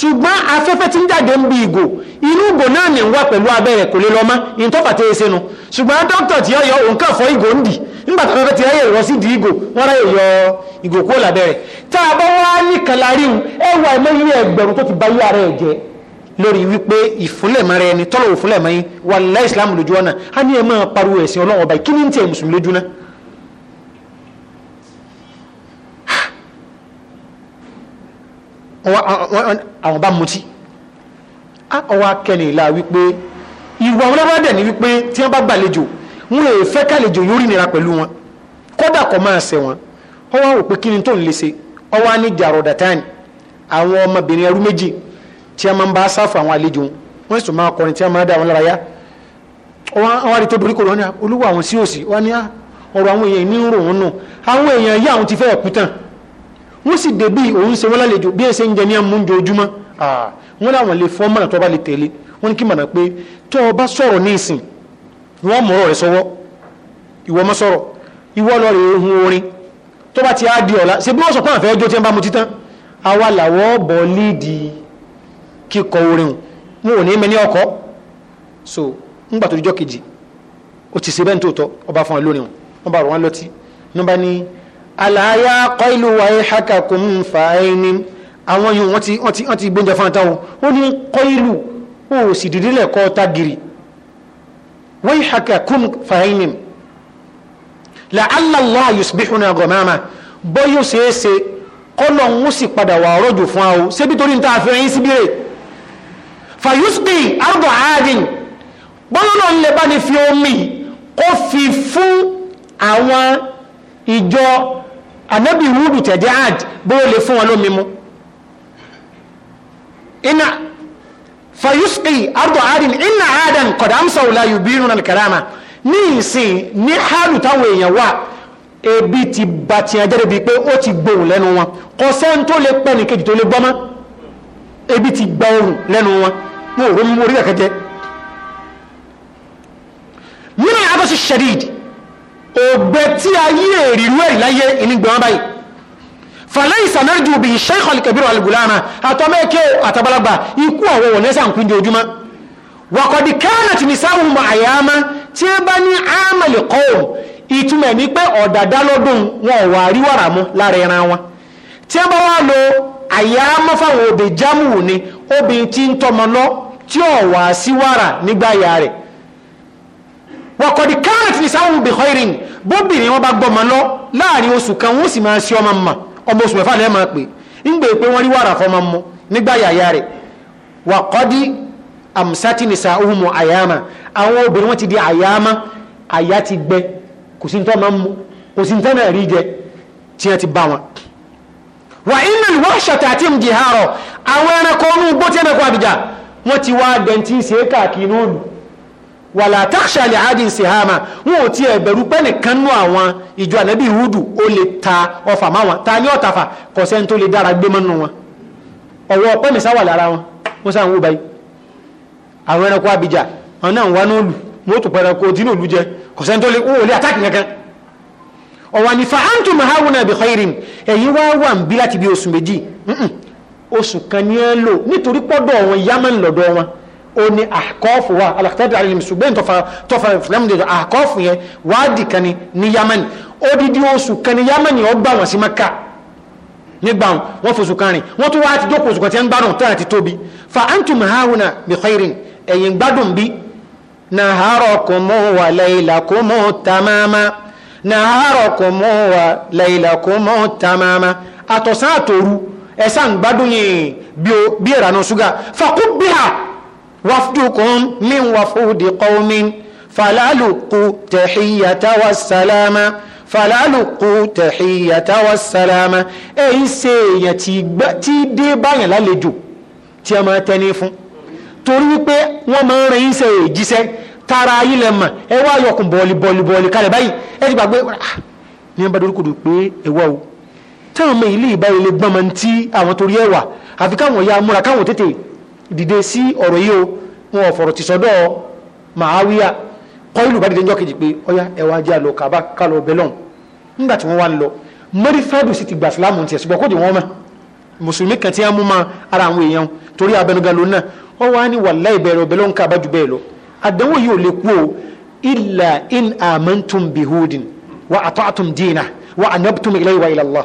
ṣùgbọ́n afẹ́fẹ́ tí ń jáde ń bí ìgò inú ìgò náà ní wà pẹ̀lú abẹ́rẹ̀ kò lè lọ mọ́ in tó fàtẹ́ ẹsẹ̀ nu ṣùgbọ́n dókítà tí ọyọ òǹkà fọ ìgò ń dì nígbàtà afẹ́fẹ́ tí ayé rọ sí di ìgò wọ́n ráyè yọ ìgò kúrò lábẹ́rẹ̀ tá a bá ni tọ́lọ̀ òfúnlẹ̀mọ́ àwọn bá mutí ọwọ́ akẹ́ni ìlà wípé ìwà àwọn ọlọ́wọ́ dẹ̀ ni wípé tí wọ́n bá gbàlejò wọn ò fẹ́ kàlejò yóò rí nira pẹ̀lú wọn kódà kọ́ máa ṣe wọn ọwọ́ àwọn òpin kíni tó ń lè ṣe ọwọ́ á ní jàrọ̀dàtàn àwọn ọmọbìnrin ẹrú méjì tí wọ́n máa ń bá sáfù àwọn àlejò wọn sì máa kọrin tí wọ́n máa dá àwọn lára yá wọ́n á rí tó dorí kòrò wọn olúwa àwọn sí òsì wọ́n ní ah, ọ̀rọ̀ àwọn èèyàn ní ń wọ́n sì dé bí òun ṣe wọ́n lálejò bí ẹ̀ṣẹ̀ ń jẹ ní amúnjẹ ojúmọ́ wọ́n lè fọ́ tó bá lè pé tó o bá sọ̀rọ̀ ní ìsìn wọ́n mọ̀rọ̀ rẹ̀ sọ́wọ́ ìwọ mọ́ sọ̀rọ̀ ìwọ lọ rèé orin tó bá ti á di ọ̀la ṣe bí wọ́n sọ pé àfẹ́ ọjọ́ tí ń bá mu títán àwa wọn ò ní ní so àlàyé kọ́ìlú wáyé hákàkùn fàáyíní àwọn yóò wọ́n ti wọ́n ti wọ́n ti gbóúnjẹ fún àtàwọn ó ní kọ́ìlú ó sì dìde lẹ́kọ́ tágìrì wáyé hákàkùn fàáyíní làálà Allah yusbihuna ghamama bọ́ yóò ṣeé ṣe kọ́lọ̀ ń sì padà wà rọ́jò fún àwọn ṣébí torí níta àfihàn yín síbírè fàyúsbì àrùbọ̀ àádìn bọ́lọ́lọ́ ń lè bá ní fi omi kó fi fún àwọn ìjọ anabi wudu tẹ̀dẹ́ aj bóyá lè fún wọn lómi mu ina fayusqi ardu adin ina adan kọ̀dà amsa wula yubinu na karama ní ìsìn ní hálù táwọn èèyàn wà ebi ti ba tiẹ̀ jẹ́rẹ̀ bíi pé ó ti gbóhùn lẹ́nu wọn kò sẹ́ni tó lè pẹ́ ní kejì tó lè gbọ́mọ́ ebi ti gba ohùn lẹ́nu wọn wọn ò orí kẹ̀kẹ́ jẹ́. mìíràn abọ́sí ṣẹ̀díìdì ògbẹ́ tí ayé èrìrú ẹ̀rì láyé ìnígbọ̀n báyìí fàlẹ́ ìsàmẹ́rìjù bí iṣẹ́ ìkọlùkẹ̀bìrì alìbùláàmà àtọ́mẹ́kẹ́ àtàbálàgbà ikú àwọn òwò nẹ́sà ń kún di ojúmọ́ wàkọ̀dì kẹ́rẹ̀tì ní sáwọn ọmọ àyàmá tí ó bá ní àmàlì kọ́ọ̀ ìtumẹ̀ ní pé ọ̀dàdá lọ́dún wọn ò wà rí wàrà mú lára ẹran wọn tí ó bá wà lo àyàmá fáwọn obì jámù ní obì tí ń tọmọ lọ tí ò wà nígbà yà rẹ̀ wọ̀kọ̀dì kánàtì ní sáwọn òbí khairin wọn bá lọ láàrin oṣù kan wọn sì máa mma ọmọ mọ ọmọ oṣù mẹ́fà máa pè ńgbè pé wọ́n rí wàrà fọmọ mọ nígbà yàyà rẹ̀ amsati ní sáwọn òmù àyàmà àwọn obìnrin wọn ti di àyàmà àyà ti gbẹ kò sí tọ́ mú kò sí tọ́ náà rí jẹ tí wọ́n ti bá wọn. wà iná ni ti wá wàlá takṣàlẹ̀ adin sihama wọn ò tiẹ̀ bẹ̀rù pé nìkan nú àwọn ìjọ ànábì hudu ó lè ta ọfà máwọn ta ní ọ̀tàfà kọ̀sẹ́ni tó lè dára gbé mọ́nú wọn ọ̀wọ́ pẹ́mìsá wà lára wọn wọ́n sáà ń wó báyìí àwọn ẹranko abidjà wọn náà wà ní òlù wọn ó tún pẹ̀rẹ̀ kó dínà òlù jẹ kọ̀sẹ́ni tó lè ó lè àtàkì kankan ọ̀wà ní fàáǹtù oni ahkọ́ọ̀fù wa alakitẹ́tẹ̀ alẹ́ ṣùgbọ́n tọ́fà tọ́fà fìlẹ́mùdẹ̀dọ̀ ahkọ́ọ̀fù yẹn wáàdì kan ní yamani odidi oṣù kan ní yamani ọgbà wọn sí maka nígbà wọn fòṣù kan rìn wọn tún wáá ti jókòó oṣù kan tí wọn gbádùn tán àti tóbi fa antum hauna bi khairin gbádùn bí naharakumu wa laylakumu tamama naharakumu wa laylakumu tamama àtọ̀sán àtòru ẹ̀sán gbádùn yìí bí ìrànà ṣúgà fàkúbíà wafdukum min wafudi qawmin falaluku tahiyata wa salama falaluku tahiyata wa salama èyí ṣe èèyàn tí dé báyàn lálejò tí a máa tẹ́ ní fún torí wípé wọ́n máa ń rẹ̀ tara yín lẹ mọ̀ ẹ wá yọkùn bọ́ọ̀lì bọ́ọ̀lì bọ́ọ̀lì kalẹ̀ báyìí ẹ ti gbàgbé ah, ní ẹ bá dorí kodò pé ẹwà o táwọn ọmọ ilé ìbáyìí lè gbọ́n mọ́ ní tí àwọn torí ẹwà àfi ya múra káwọn tètè dìde sí ọ̀rọ̀ yìí o wọn ò fọ̀rọ̀ ti sọ́dọ̀ màáwíyà kọ́ìlù bá dìde ń jọ́ kejì pé ọ̀yá ẹ̀wọ̀n ajé àlọ́ kàbá kálọ̀ bẹ́lọ̀n nígbà tí wọ́n wá ń lọ mẹ́rìfẹ́dù sì ti gbà sílámù tiẹ̀ ṣùgbọ́n kó jẹ́ wọ́n mọ́ mùsùlùmí kan tí wọ́n mú ma ara àwọn èèyàn torí abẹnugan lónà wọ́n wá ní wàlá ìbẹ̀rẹ̀ ọ̀bẹ̀lọ́n kàbá jù bẹ́ẹ̀ lọ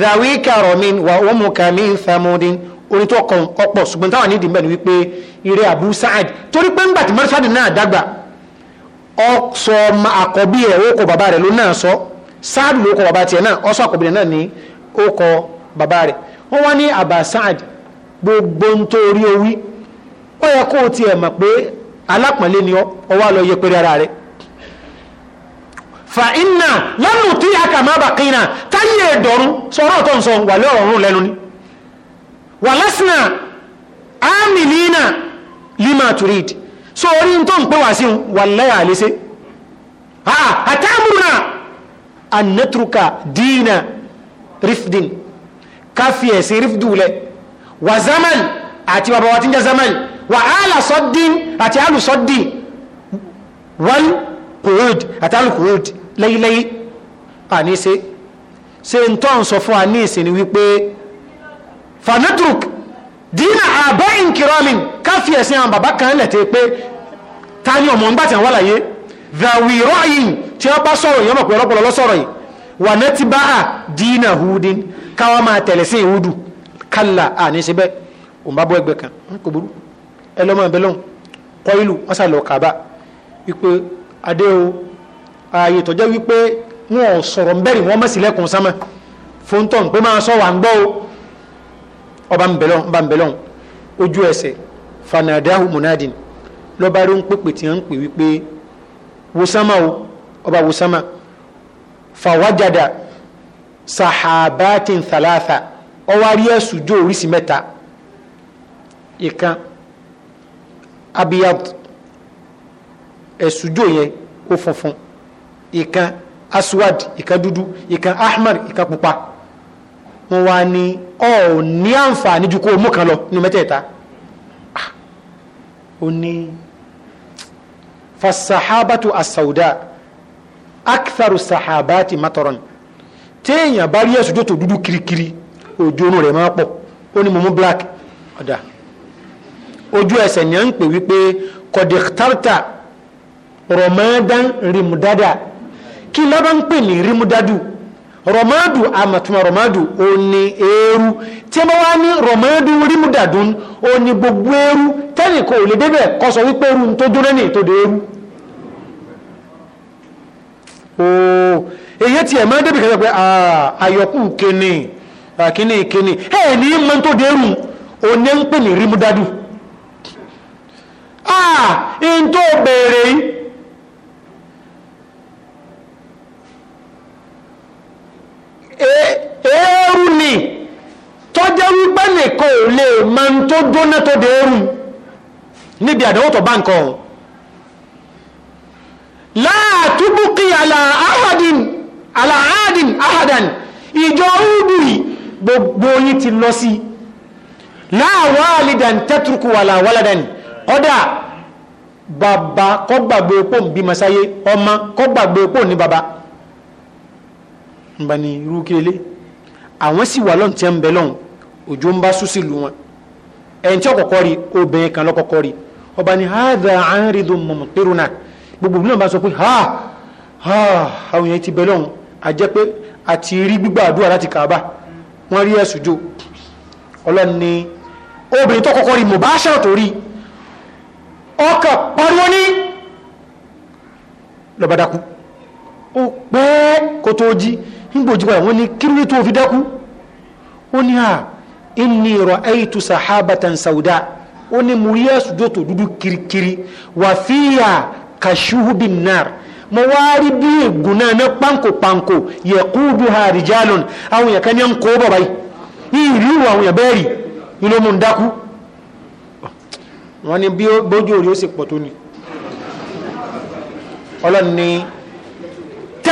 dàwíkà rọ̀mí wà ọmọkà mi ń orin tó kàn ọ̀pọ̀ ṣùgbọ́n táwọn nídìí mbẹ́ ni wípé eré abu saad torí pé tí náà dàgbà ọ sọ ọmọ àkọ́bí ẹ̀ ó kọ bàbá rẹ̀ ló náà sọ saad ló kọ bàbá tiẹ̀ náà ọ sọ àkọ́bí rẹ̀ náà ó kọ ni ọ wá lọ fa iná lọ́nà tí a kà máa bà kínà táyé ẹ̀dọ̀rún sọ̀rọ̀ tó ń sọ wà lé ọ̀rọ̀ lẹ́nu ni wà lásìnà ámìlínà lima turid so orí tó ń pè wá sí wà lẹ́yà lẹ́sẹ̀ àtàmùnà annatruka dina rifdin káfí ẹ̀sìn rifdu wà zaman àti bàbá wa ti zaman wà áàlà sọ́dín àti àlùsọ́dín wal kuwait àti àlùkuwait láyíláyí àní ṣe ṣe ń tọ́ ń sọ fún àní ìsìn wípé fanatruk dínà àbá ìkìrọ́mìn káfí ẹ̀sìn àwọn bàbá kan lẹ̀ pé ta ni ọmọ ńgbà tí wọ́n wà láyé dàwírọ́ yìí tí wọ́n bá sọ̀rọ̀ yìí wọ́n pẹ̀lú ọpọlọ sọ̀rọ̀ yìí wà ní ti hudin káwọn máa tẹ̀lé sí ìhudu kálà àní ṣe bẹ́ẹ̀ òun bá bọ́ ẹgbẹ́ kan kò ìlú wọ́n sà kàbá wípé adé ààyè tọ́jẹ́ wípé wọn ò sọ̀rọ̀ ń bẹ́rì wọn mẹ́sì lẹ́kùn sánmà fún tọ́n pé máa sọ wà ń gbọ́ o ọba ń bẹ̀lọ́n ojú ẹsẹ̀ fanadahu munadin lọ́ba rí ń pèpè tí wọ́n ń pè wípé wo o ọba wo fàwájàdà sahabatin thalatha ọwọ́ rí ẹ̀sùn jó oríṣi mẹ́ta ìkan abiyad ẹ̀sùn jó yẹn ó funfun ìkan aswad ìkan dúdú ìkan ahmar ìkan pupa wọn wá ní ọ ní àǹfààní ju kó o mú kan lọ nínú mẹ́tẹ̀ẹ̀ta ah, ó ní fasahabatu asauda aktharu sahabati mataron téèyàn bá rí ẹ̀sùn tó dúdú kirikiri ojú oorun rẹ̀ máa pọ̀ ó ní mumu black ọ̀dà ojú ẹsẹ̀ ni à ń pè wípé kọ̀dẹ̀tàrtà rọ̀mọ́dán rìmùdádà kí lọ́bọ̀n pè ní rímú dájú rọmọ́dù àmàtúmọ̀ rọmọ́dù ó ní eérú tí wọ́n wá ní rọmọ́dù rímú dàdú ó ní gbogbo eérú tẹ́nì kò lè débẹ̀ kọ́ sọ wípé eérú tó dúró ní ìtòdó eérú. èyí tí ẹ̀ máa débì kẹ́kẹ́ pé ayọ̀kù kéne kíní kéne ẹ̀ ní mọ́ tó dé eérú ó ní ń pè ní rímú dájú. ǹ tó bèèrè yìí. eérú ni tọ́jẹ́ wípé nìkan ò lè mọ tó dóná tó de eérú níbi àdánwò tó bá nǹkan ọ̀hún láàtúbùkì àlàáhàdìn àlàáhàdìn àhàdàn ìjọ rúbì gbogbo yín ti lọ sí láàwáàlìdàn tẹ́tùrùkù wàlàwàlàdàn kọ́dà bàbá kọ́gbàgbé opó ń bí masáyé ọmọ kọ́gbàgbé opó ní bàbá nba ni irú kele àwọn sì wà lọ́n tiẹ̀ ń bẹ lọ́hùn òjò ń bá súsì lu wọn ẹ̀yìn tí ọkọ̀kọ́ rí obìnrin kan lọ́kọ̀kọ́ rí ọba ni hadha aridun mumtiruna gbogbo náà bá sọ pé ha ha àwọn yẹn ti bẹ lọ́hùn àjẹ́ pé àti rí gbígbà àdúrà láti kàábà wọ́n rí ẹ̀sùn jò ọlọ́run ni obìnrin tó kọ́kọ́ rí mubashara tó rí ọkà pariwo ní lọ́bàdàkú ó pẹ́ kó jí nígbòjúwà wọ́n ní kí ní tó fi dákú ó ní à ah, inni ra'aytu sahabatan sauda ó ní mo rí ẹ̀sùjọ́ tó dúdú kirikiri wà fíyà kashuhubin nar mo wá rí bí ègùn náà ná pàǹkópàǹkó yẹ kú bu ha rijalun àwọn yẹn kan yẹn ń kó bàbá yìí ìrí ìwà àwọn yẹn bẹ́ẹ̀ rí inú mu ń dákú wọ́n ní bí bójú òrí ó sì pọ̀ tó ni ọlọ́ni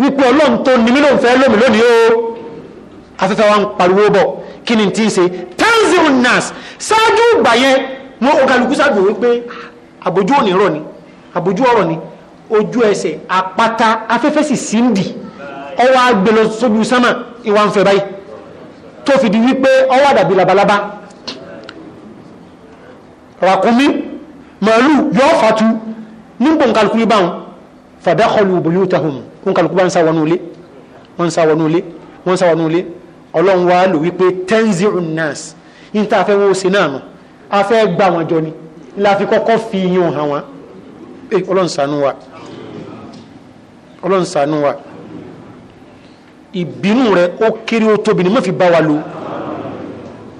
wípé ọlọ́run tó ní mí ló ń fẹ́ lómi lónìí o afẹ́fẹ́ wa ń pariwo bọ̀ kí ni tí ń ṣe tanzil nas ṣáájú ìgbà yẹn wọn ò ṣáájú wípé ah, àbójú òní rọ̀ ni àbójú ọ̀rọ̀ ni ojú ẹsẹ̀ àpáta afẹ́fẹ́ sì sí ń dì ọwọ́ agbe lọ sójú sámà ìwà ń fẹ́ báyìí tó fi di wípé ọwọ́ àdàbí labalábá ràkúnmí màálù yọ fàtú nígbò ń kálukú báwọn fàdákọlù bòlúùtàhùn kó kálukú bá ń sá wọnú ilé wọ́n ń sá wọnú ilé wọ́n ń sá wọnú ilé ọlọ́run wa lò wípé tenzirun nas yín tá a fẹ́ wọ́n ṣe náà nù a fẹ́ gbà wọn jọ ni la fi kọ́kọ́ fi yín hàn wọn ọlọ́run ṣàánú wa ọlọ́run ṣàánú wa ìbínú rẹ ó kéré ó tóbi ni má fi bá wa lò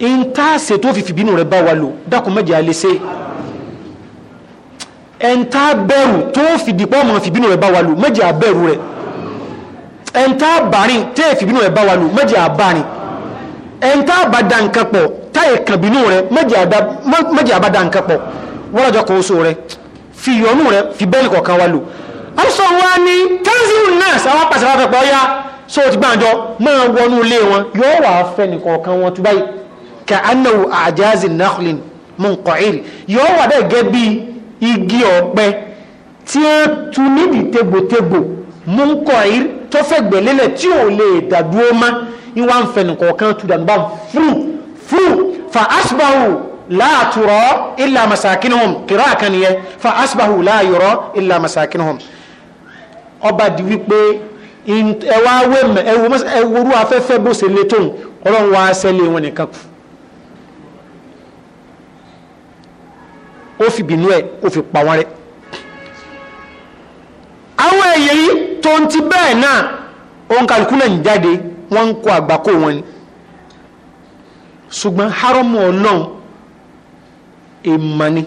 ń tá a ṣètò fífi ìbínú rẹ bá wa lò dákun mẹ́jẹ̀ alẹ́ ṣe ẹ̀ntá bẹ̀rù tó fìdí pọ́ mọ̀ fìbínú rẹ̀ bá wà lù mẹ́jì àbẹ̀rù rẹ̀ ẹ̀ntá bàárín tẹ́ fìbínú rẹ̀ bá wà lù mẹ́jì àbárín ẹ̀ntá àbádá nǹkan pọ̀ táyẹ̀ kàbínú rẹ̀ mẹ́jì àbádá nǹkan pọ̀ wọ́rọ̀jọ́ kò so rẹ̀ fi yọnú rẹ̀ fi bẹ́ẹ̀lì kọ̀ọ̀kan wà lù ọ̀sọ̀ wà fẹ́ gẹ́ bíi igi ọ̀pẹ tí ó tu níbi tegbòtegbò mú ń kọ ayé tó fẹ́ gbẹ̀lélẹ̀ tí ò lè dàdúró má ní wọ́n á ń fẹnu kọ̀ọ̀kan tu dànù bá fúrú fúrú fa asbahu láàtúrọ̀ ilà masakinahum kìrọ̀ àkànnìyẹ fa asbahu láàyọ̀rọ̀ ilà masakinahum ọba di wípé ẹwà awẹ́mẹ̀ ẹwòrú afẹ́fẹ́ bó ṣe lé tóun ọlọ́run wá sẹ́lẹ̀ wọn nìkan kù ó fi bínú ẹ̀ ó fi pa wọ́n rẹ́ àwọn èyí tó ń ti bẹ́ẹ̀ náà òun kàlùkù náà ń jáde wọ́n ń kó àgbákò wọn ni ṣùgbọ́n haramu ọ̀nà èèmọ̀ ni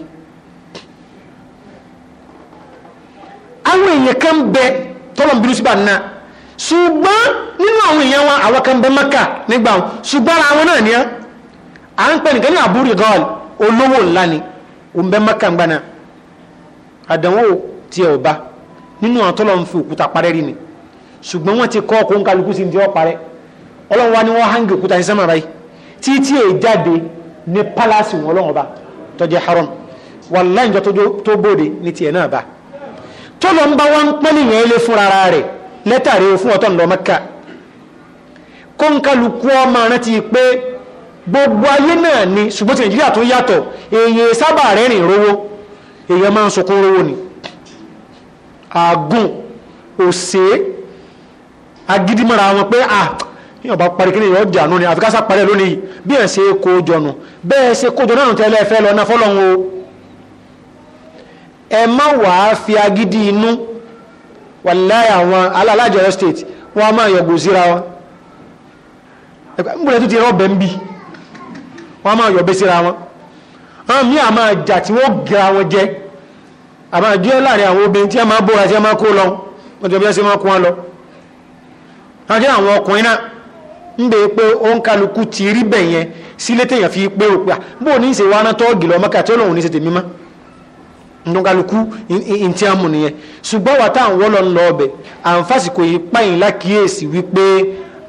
àwọn èèyàn kan bẹ tọ́lọ̀ bínú síbà náà ṣùgbọ́n nínú àwọn èèyàn wọn àwọn kan bẹ mẹ́kà nígbà wọn ṣùgbọ́n ara wọn ni à ń òun bẹ́ maka ń gbaná àdánwò tiẹ̀ ọba nínú àtọ́lọ́ ń fi òkúta parẹ́ rí ni ṣùgbọ́n wọ́n ti kọ́ ọkọ̀ nkálukú sí ti ọ́ parẹ́ ọlọ́run wa ni wọ́n hangi òkúta sí sẹ́mà báyìí títí èyí jáde ní pálásì wọn ọlọ́run ọba tọ́jú haram wàláhí ìjọ tó bóde ní tiẹ̀ náà bá tọ́lọ́ ń bá wọn pẹ́lú ìyẹn ilé fúnra rẹ̀ lẹ́tàrí fún ọ̀tọ̀ ńlọ mẹ́ka kó nkálukú ọmọ rántí pé gbogbo ayé náà ni ṣùgbọ́n ti tụrụ tó yàtọ̀ èèyàn sábà rowo rówó èèyàn máa ń sọkún ni àgùn òsè agídímọ́ra wọn pé ah, à yíyan bá parí kíni ọjà nù ni àfikásá parí lónìí bí ẹ̀ ṣe kó jọnu bẹ́ẹ̀ ṣe kó jọ náà tẹ́lẹ̀ fẹ́ lọ náà o ẹ má wàá fi agidi inú wàláyà àwọn alájọ state wọn a máa yọgò síra wọn ẹgbẹ́ ń ti ń wọ́n máa yọ̀bẹ́ síra wọn wọ́n mí à máa jà tí wọ́n gẹ̀ra wọn jẹ́ àmà láàrin àwọn obìnrin tí a máa bóra tí a máa kó lọ wọ́n ti ọbẹ̀ sí máa kó wọn lọ àti àwọn ọkùnrin náà ń bèé pé ó ń kálukú ti rí bẹ̀ yẹn sílé téèyàn fi pé òpè à bó o ní ṣe wá náà tọ́ọ̀gì lọ mọ́kà tí ó ní ṣe tèmi mọ́ nìyẹn ṣùgbọ́n ń lọ ọbẹ̀ yìí pààyàn wípé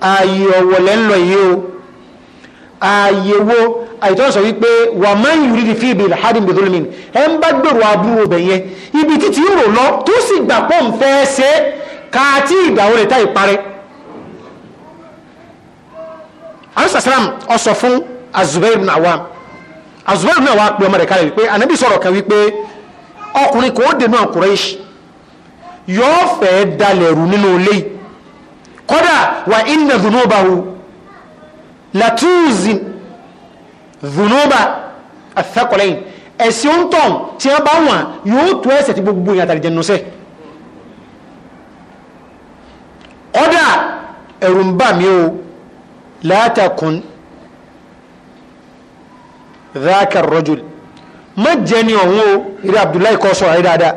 ààyè o. àyèwò àìtọ́sọ̀ wípé wà máa ń yùrí di fíìbì ìlàhádì bìtòlùmín ẹ ń bá gbèrò àbúrò bẹ̀ yẹn ibi títí ń rò lọ tó sì gbà pọ̀ ń fẹ́ ṣe káàtì ìgbà wo lè ta ìparẹ́ arusasalam ọsọ fún azubair ibn awam azubair ibn awam pe latuzin zunuba athakọlẹ́yìn ẹ̀sìn òǹtọ̀n tí a bá wọn yóò tó ẹ̀ṣẹ̀ tí gbogbo ìyàn àtàrí jẹnusẹ́ ọ̀dà ẹ̀rù ń bà mí o látàkùn dhaka rajul má jẹ́ ni ọ̀hún o eré abdullahi kọ́ sọ̀rọ̀ ayé dáadáa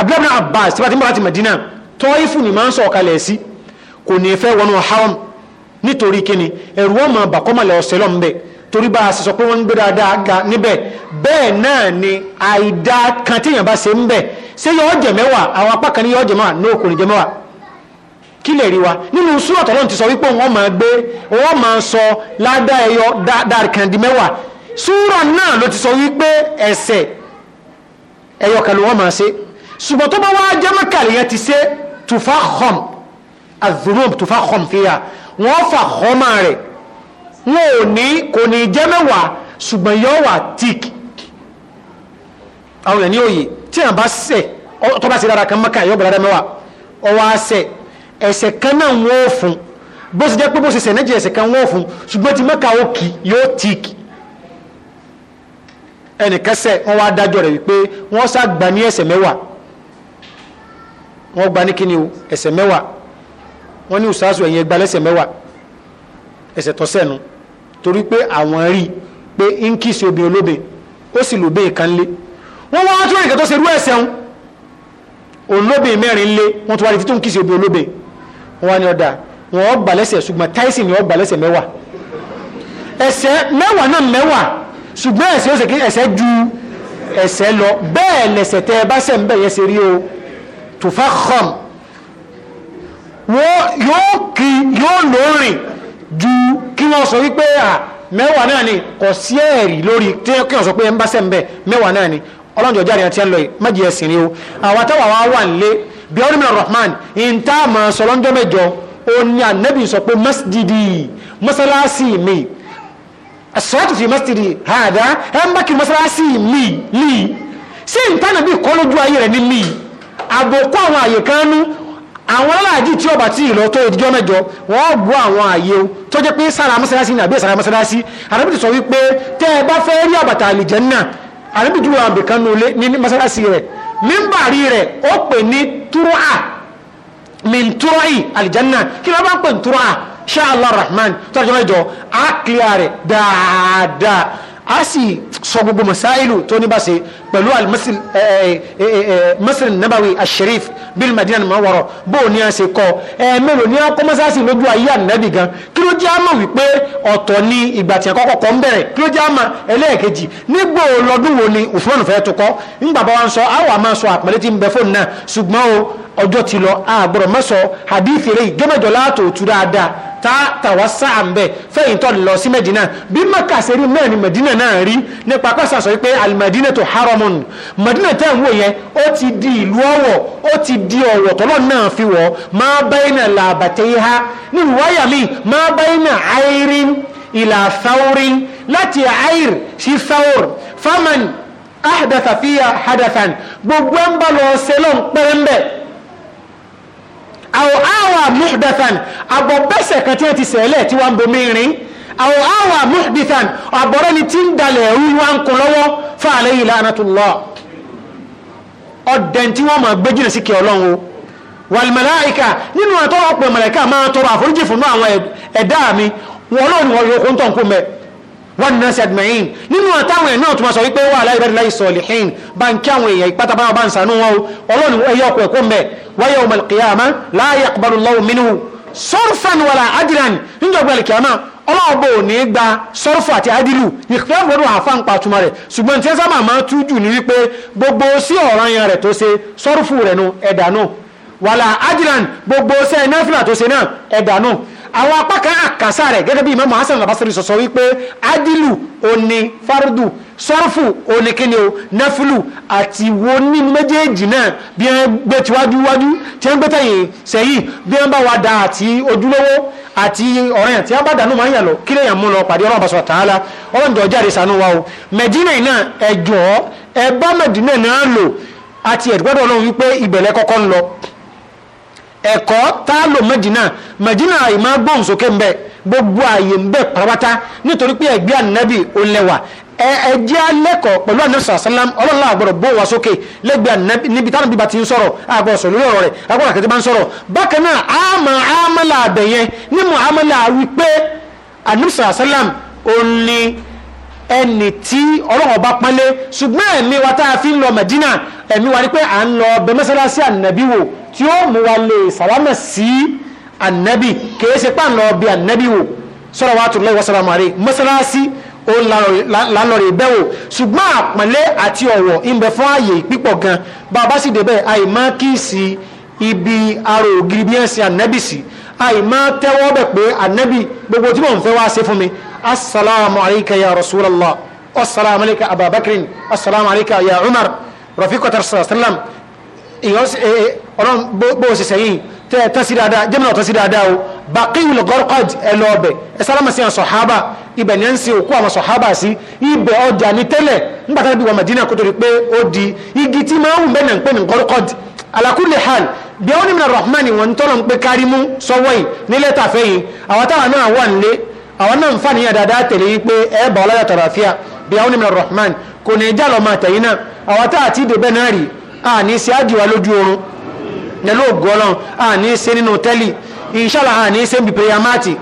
abdullahi abbas tí wọ́n ti ń bá madina tọ́ ìfún ni máa ń sọ̀kalẹ̀ sí kò ní fẹ́ wọnú haram nítorí kíni ẹ̀rù wọn máa bà kọ́mọ̀lẹ̀ ọ̀sẹ̀ lọ́n bẹ̀ torí bá a sì sọ pé wọ́n ń gbé dáadáa ga níbẹ̀ bẹ́ẹ̀ náà ni àìdá kan téèyàn bá ṣe ń bẹ̀ ṣé yọ ọ̀jẹ̀ mẹ́wàá àwọn apá kan ní yọ ọ̀jẹ̀ mẹ́wàá ní òkùnrin jẹ́ mẹ́wàá kí lè rí wa nínú súrọ̀tọ̀ lọ́n ti sọ wípé wọ́n máa gbé wọ́n máa sọ ládá ẹyọ dáadáa di mẹ́wàá súrọ̀ náà ló ti sọ wípé ẹsẹ̀ ẹyọ kan ló wọ́n máa ṣe ṣùgbọ́n tó bá wá jẹ́ mọ́kàlì yẹn ti ṣe tùfáhọ̀m àdúró tùfáhọ̀m fìyà wọ́n fà họ́mà rẹ̀ wọn ò ní kò ní jẹ́ mẹ́wàá ṣùgbọ́n yọ wà tík àwọn èèyàn ní òye tí àwọn bá sẹ̀ tó bá ṣe dára kan mọ́kà yọ bẹ̀rẹ̀ mẹ́wàá ọwọ́ àṣẹ ẹ̀ṣẹ̀ kan náà wọ́n ò fún bó ṣe jẹ́ pé bó ṣe sẹ̀ nẹ́jẹ̀ ẹ̀ṣẹ̀ kan wọ́n ò fún ṣùgbọ́n ti mọ́kà ó kì yóò tík ẹnìkẹsẹ̀ wọn wá dájọ́ rẹ̀ wípé wọ́n sá ní ẹ̀ṣẹ̀ mẹ́wàá wọ́n gbà ní kíni o mẹ́wàá wọ́n ní ustaasu ẹ̀yìn ẹgbà lẹ́sẹ̀ mẹ́wàá ẹsẹ̀ tọ́sẹ̀nu torí pé àwọn rí pé ń kí sí obìnrin olóbe ó sì lò bẹ́ẹ̀ kan lé wọ́n wá tó nìkan tó ṣe rú ẹ̀sẹ̀ ń olóbe mẹ́rin lé wọ́n tó wá rí fi kí sí obìnrin olóbe wọ́n wá ní ọ̀dà wọ́n ó lẹ́sẹ̀ ṣùgbọ́n táìsì ni ó gbà lẹ́sẹ̀ mẹ́wàá ẹsẹ̀ mẹ́wàá náà mẹ́wàá ṣùgbọ́n ẹsẹ̀ ó ṣe kí ẹsẹ̀ ju ẹsẹ̀ lọ bẹ́ẹ̀ lẹ̀sẹ̀ tẹ́ ẹ bá ṣẹ̀ ń bẹ̀ yẹn ṣe rí o tòfá xọ́m yóò kí yóò lóòrìn ju kí wọ́n sọ wípé à mẹ́wàá náà ni kò sí ẹ̀rí lórí tí kí wọ́n sọ pé ẹ ń bá sẹ́ mẹ́wàá náà ni ọlọ́njọ́ jáde àti ẹ̀ yìí má jẹ́ ẹ̀sìn o àwọn táwa wa wà nílé bí ọ́nà mìíràn rahman ìta mà sọ lọ́njọ́ mẹ́jọ ó ní ànábì sọ pé masjidi mọ́sálásí mi sọ́ọ́tù fi masjidi hàdá ẹ̀ ń kí mọ́sálásí mi lì sí ìtànàbí kọ́ lójú ayé rẹ̀ ní mi àbòkú àwọn àyè kan nú àwọn aláàjì tí ọba tí ìlọ tó ìdíjọ́ mẹ́jọ wọ́n gbọ́ àwọn àyè o tó jẹ́ pé sára mọ́sálásí ní àbí sára mọ́sálásí arábìtì sọ wípé tẹ́ ẹ bá fẹ́ rí àbàtà àlìjẹ́nà arábìtì lọ àbìkan ní olé ní mọ́sálásí rẹ̀ mímbàrí rẹ̀ ó pè ní túrọ́à mintúrọ́ì àlìjẹ́nà kí ló bá ń pè ní túrọ́à ṣáà allah rahman tó ìjọ́ mẹ́jọ á kílíà rẹ̀ dáadáa a sì sọ gbogbo masáìlù tó ní bá ṣe pẹ̀lú almasir nabawi asherif bil madina mawara bó ní a ṣe kọ ẹ̀ẹ́mẹ́lò ní ọkọ̀ masáàsì lójú ayé ànábì gan kí ló jẹ́ àmà wípé ọ̀tọ̀ ni ìgbà tí ẹ̀kọ́ kọ̀ọ̀kan bẹ̀rẹ̀ kí ló jẹ́ àmà ẹlẹ́ẹ̀kejì nígbò lọ́dún wo ni Usman fẹ́ tó kọ́ ńgbà bá wa ń sọ àwọn àmà sọ àpẹẹrẹ tí ń bẹ fóònù náà ṣùgbọ́n ọjọ́ ti lọ àgbọ̀rọ̀ mọ́sọ̀ hadith eré ìgẹ́mẹ̀jọ láàtò dáadáa ta tàwásá àmbẹ̀ fẹ́yìntọ́ lọ sí mẹ́dínà bí maka ṣe rí náà ni mẹ́dínà náà rí nípa pẹ́sà sọ wípé alimẹ́dínà tó haramun mẹ́dínà tẹ́ ń wò yẹn ó ti di ìlú ọ̀wọ̀ ó ti di ọ̀wọ̀ tọ́lọ́ náà fi wọ̀ máa báyìnà làbàtẹ́ ha ní ìwáyà mi máa báyìnà àìrín ìlà thawrin láti àìr sí thawr faman ahdatha fiya gbogbo ń bá lọ ṣẹlọ́n pẹ́rẹ́mbẹ́ àwọn àwà muhdathan àgbọ̀bẹ́sẹ̀ kan tí wọ́n ti sẹ̀lẹ̀ tí wọ́n bomi rin àwọn àwà muhdathan àbọ̀rọ̀ ni tí ń dalẹ̀ ẹ̀rú wọn kò lọ́wọ́ fa alayhi la'natullah ọ̀dẹ̀n tí wọ́n máa gbé jìnà sí kí ọlọ́run wal nínú àtọ́ ọ̀pọ̀ máa tọrọ àforíjì fún àwọn ẹ̀dá mi wọ́n yóò wọn nọọsì àdìmẹyìn nínú àtàwọn ẹ̀nà tó máa sọ wípé wà láì rẹ́dìláì sọ̀lìhìn bá ń kí àwọn èèyàn ìpátá báwọn bá ń sànú wọn o ọlọ́run ẹ̀yọ ọkọ̀ ẹ̀kọ́ mbẹ wáyé ọmọ ìkìyàmá láàyè àkùbárùlọ́wọ́ mínú sọ́rfàn wàlà àdìrán níjọba ìkìyàmá ọlọ́run bò ní gba sọ́rfù àti àdìlù ìpínlẹ̀ gbọdọ̀ àfáàn pàtùmọ̀ rẹ̀ ṣùgbọ́n tí ẹ sábà àwọn apá kan àkàsà rẹ̀ gẹ́gẹ́ bí Imam Hasan al sọ̀sọ̀ wípé adilu oni fardu sọ́rfù oni kíni o nafulu àti wo nínú méjèèjì náà bí wọ́n gbé tiwájú wájú tí wọ́n gbé tẹ̀yìn sẹ́yìn bí wọ́n bá wa da àti ojúlówó àti ọ̀rẹ́ tí wọ́n bá dànù máa ń yàn lọ kí lèèyàn mú lọ pàdé ọlọ́run bàṣọ tààlà ọlọ́run jọ jáde sànú wa o Mẹ̀dínà náà ẹ̀jọ̀ ẹ̀ Mẹ̀dínà náà lò àti ẹ̀dùgbọ́dọ̀ ọlọ́run wípé ìbẹ̀lẹ̀ kọ́kọ́ ń lọ ẹ̀kọ́ tá a lò mẹ́dínà mẹ́dínà ìmọ̀ gbóhùn sókè ńbẹ gbogbo ààyè ńbẹ pàrọ̀wátá nítorí pé ẹ̀gbẹ́ ànábì òǹlẹ̀wà ẹ̀jẹ̀ alẹ́kọ̀ọ́ pẹ̀lú ànábì sàlám ọlọ́lá àgbọ̀dọ̀ bó wa sókè lẹ́gbẹ̀ẹ́ ànábì níbi táwọn bíbá ti ń sọ̀rọ̀ àgbọ̀dọ̀ sọ̀rọ̀ lórí ọ̀rọ̀ rẹ̀ àgbọ̀dọ̀ àkẹ́tẹ́ bá ń sọ̀rọ̀ bákan náà àmà àmàlà àbẹ̀yẹn ẹni tí ọlọ́wọ́ bá pánlé ṣùgbọ́n ẹ̀mí wa tá a fi ń lọ Mẹ̀dínà ẹ̀mí wa ni pé à ń lọ bẹ mọ́sálásí ànàbí wò tí ó mú wa lè sàlámà sí ànàbí kìí ṣe pà ń lọ bí ànàbí wò salawatullahi wa salamu alayhi mọ́sálásí ó lálọ́rẹ̀ bẹ́wò ṣùgbọ́n àpọ́nlé àti ọ̀wọ̀ ìbẹ̀ fún ààyè pípọ̀ gan bàbá sì débẹ̀ àìmọ́ kíìsì ibi aro ògiri bí ẹ̀sìn ànàbì sí àìmọ́ tẹ́wọ́ bẹ̀ pé ànàbì gbogbo tí mò ń fẹ́ wá ṣe fún mi assalamu alayka ya rasulallah assalamu alayka ababakrin assalamu alayka ya umar rafiqat rasulillah ọlọ́run bó ṣe sẹ́yìn tẹ́sí dáadáa jẹ́mìnà tẹ́sí dáadáa o baqiyul gharqad ẹlọ́ọ̀bẹ̀ ẹsálámà sí àwọn sọ̀hábà ibẹ̀ ní ẹ́ ń se òkú àwọn sọ̀hábà sí ibẹ̀ ọjà ní tẹ́lẹ̀ nígbàtà bí wà Madina kó torí pé ó di igi tí máa ń wù mẹ́nà ń pè ní gharqad ala kulli hal bí wọ́n ní mìíràn rahman wọn tọ́lọ̀ ń pé kárímú sọ́wọ́ yìí nílẹ̀ tàfẹ́ yìí àwọn táwọn náà wà àwọn náà ń fà níyà dáadáa tẹ̀lé wípé ẹ bá ọlọ́yà tọ̀ràfíà bí àwọn onímọ̀ rahman kò ní já lọ́mọ àtẹ̀yìn náà àwọn tá àti ìdèbẹ́ náà rí àní sí àdìwá lójú oorun nílò ògùn ọlọ́run àní sí nínú tẹ́lì inshallah àní sí bí prayer mati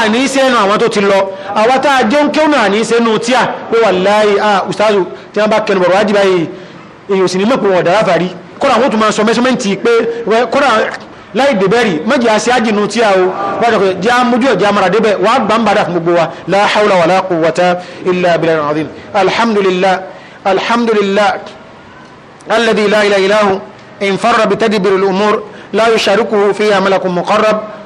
àní sí ẹnu àwọn tó ti lọ àwọn tá a jẹ́ ń kéwòn àní sí nínú tíà pé wallahi ustazu tí wọ́n láì dèbẹ́rì méjì àṣẹ àjìnú tí a o wájọkọ̀ jẹ́ àmójú ọ̀jẹ́ àmàrà débẹ̀ wà gbàmbàdà fún gbogbo wa la hawla wala quwwata illa billahi al-azim alhamdulillah alhamdulillah alladhi la ilaha illa hu in farra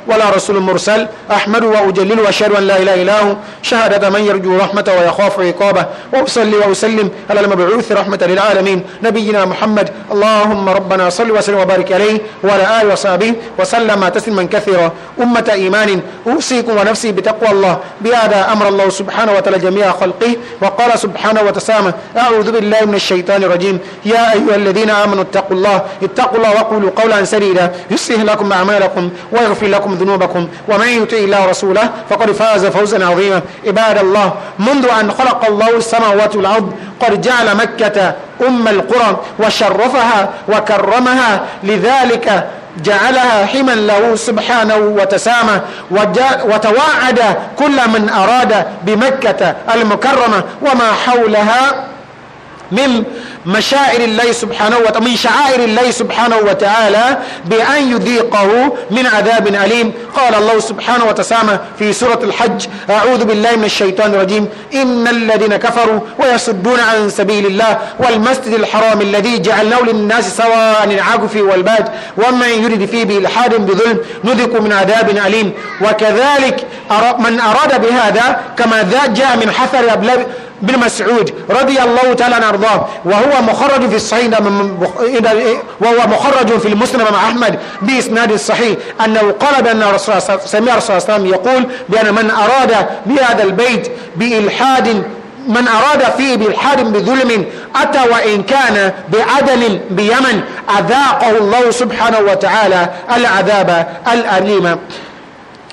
ولا رسول مرسل أحمد وأجلل وأشهد أن لا إله إلا هو شهادة من يرجو رحمته ويخاف عقابه وأصلي وأسلم على المبعوث رحمة للعالمين نبينا محمد اللهم ربنا صل وسلم وبارك عليه وعلى آله وصحبه وسلم تسليما كثيرا أمة إيمان أوصيكم ونفسي بتقوى الله بهذا أمر الله سبحانه وتعالى جميع خلقه وقال سبحانه وتسامى أعوذ بالله من الشيطان الرجيم يا أيها الذين آمنوا اتقوا الله اتقوا الله وقولوا قولا سديدا يصلح لكم أعمالكم ويغفر لكم ذنوبكم ومن يطع الله ورسوله فقد فاز فوزا عظيما عباد الله منذ أن خلق الله السماوات والأرض قد جعل مكة أم القرى وشرفها وكرمها لذلك جعلها حما له سبحانه وتسامى وتواعد كل من أراد بمكة المكرمة وما حولها من مشاعر الله سبحانه وتعالى من شعائر الله سبحانه وتعالى بأن يذيقه من عذاب أليم قال الله سبحانه وتسامى في سورة الحج أعوذ بالله من الشيطان الرجيم إن الذين كفروا ويصدون عن سبيل الله والمسجد الحرام الذي جعلناه للناس سواء العاكف والباد ومن يرد فيه بإلحاد بظلم نذق من عذاب أليم وكذلك من أراد بهذا كما ذا جاء من حفر أبلاب بن مسعود رضي الله تعالى عنه أرضاه وهو مخرج في الصحيح وهو مخرج في المسلم مع أحمد بإسناد الصحيح أنه قال بأن رسول سمع رسول الله وسلم يقول بأن من أراد بهذا البيت بإلحاد من أراد فيه بإلحاد بظلم أتى وإن كان بعدل بيمن أذاقه الله سبحانه وتعالى العذاب الأليم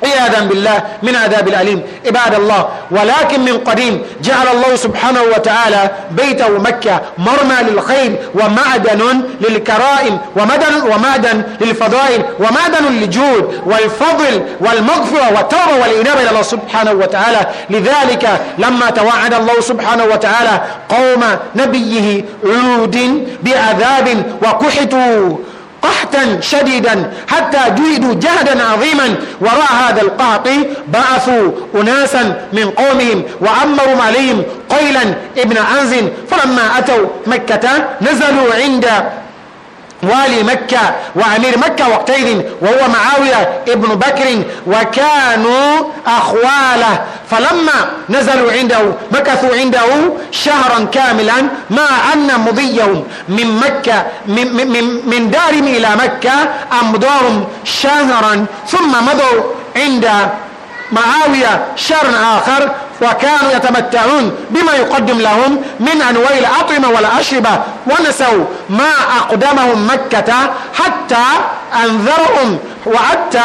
عياذا بالله من عذاب الأليم عباد الله ولكن من قديم جعل الله سبحانه وتعالى بيته مكة مرمى للخيل ومعدن للكرائم ومدن ومعدن للفضائل ومعدن للجود والفضل والمغفرة والتوبة والإنابة إلى الله سبحانه وتعالى لذلك لما توعد الله سبحانه وتعالى قوم نبيه عود بعذاب وكحتوا قحطا شديدا حتى جهدوا جهدا عظيما وراء هذا القحط بعثوا أناسا من قومهم وعمروا عليهم قيلا ابن أنز فلما أتوا مكة نزلوا عند والي مكة وأمير مكة وقتئذ وهو معاوية ابن بكر وكانوا أخواله فلما نزلوا عنده مكثوا عنده شهرا كاملا ما أن مضي من مكة من, من, من دارهم إلى مكة أمضاهم شهرا ثم مضوا عند معاوية شر آخر وكانوا يتمتعون بما يقدم لهم من أنواع الأطعمة والأشربة ونسوا ما أقدمهم مكة حتى أنذرهم وحتى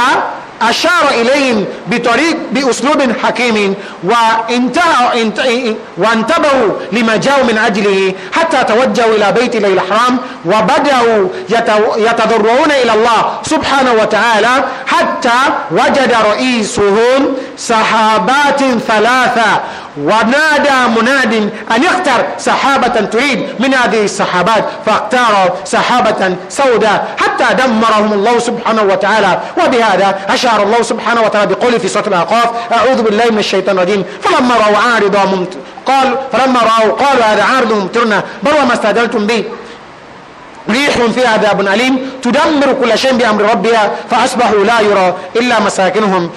أشار إليهم بطريق بأسلوب حكيم وانتهى وانتبهوا لما جاءوا من أجله حتى توجهوا إلى بيت الحرام وبدأوا يتضرعون إلى الله سبحانه وتعالى حتى وجد رئيسهم سحابات ثلاثة ونادى مناد أن يختار سحابة تريد من هذه السحابات فاختاروا سحابة سوداء حتى دمرهم الله سبحانه وتعالى وبهذا أشار الله سبحانه وتعالى بقوله في سورة الأعقاف أعوذ بالله من الشيطان الرجيم فلما رأوا عارضا قال فلما رأوا قالوا هذا عارض ممترنا بل وما استعجلتم به ريح فيها عذاب أليم تدمر كل شيء بأمر ربها فأصبحوا لا يرى إلا مساكنهم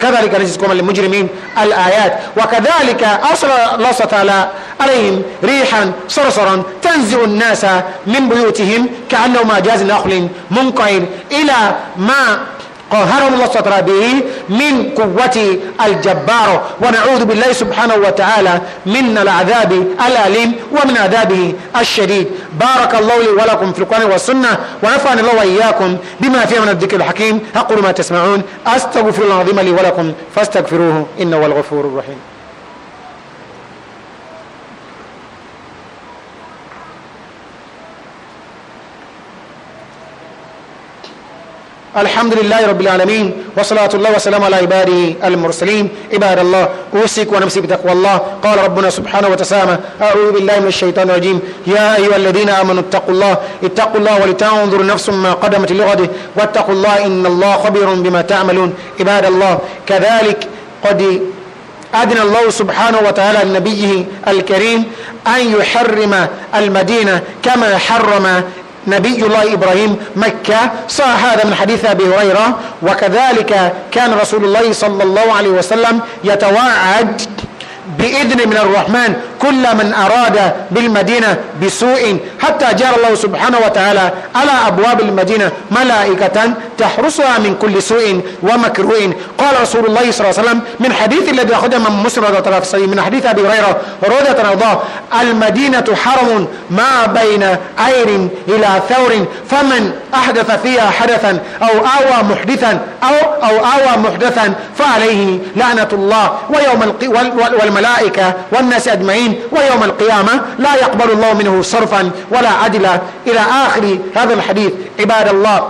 كذلك نجزكم المجرمين الآيات وكذلك أرسل الله سبحانه عليهم ريحا صرصرا تنزع الناس من بيوتهم كأنهما جاز نخل منقعر إلى ما قهرهم الله ستر به من قوة الجبار ونعوذ بالله سبحانه وتعالى من العذاب الأليم ومن عذابه الشديد بارك الله لي ولكم في القرآن والسنة ونفعني الله وإياكم بما فيه من الذكر الحكيم أقول ما تسمعون أستغفر الله العظيم لي ولكم فاستغفروه إنه الغفور الرحيم الحمد لله رب العالمين وصلاة الله وسلام على عباده المرسلين عباد الله أوصيك ونفسي بتقوى الله قال ربنا سبحانه وتسامى أعوذ بالله من الشيطان الرجيم يا أيها الذين آمنوا اتقوا الله اتقوا الله ولتنظر نفس ما قدمت لغده واتقوا الله إن الله خبير بما تعملون عباد الله كذلك قد أدنى الله سبحانه وتعالى لنبيه الكريم أن يحرم المدينة كما حرم نبي الله إبراهيم مكة صح هذا من حديث أبي هريرة وكذلك كان رسول الله صلى الله عليه وسلم يتوعد بإذن من الرحمن كل من أراد بالمدينة بسوء حتى جار الله سبحانه وتعالى على أبواب المدينة ملائكة تحرسها من كل سوء ومكروه قال رسول الله صلى الله عليه وسلم من حديث الذي أخذ من مسلم من حديث أبي هريرة رضي الله المدينة حرم ما بين عير إلى ثور فمن أحدث فيها حدثا أو آوى محدثا أو, أو آوى محدثا فعليه لعنة الله ويوم والملائكة الملائكة والناس أجمعين ويوم القيامة لا يقبل الله منه صرفا ولا عدلا إلى آخر هذا الحديث عباد الله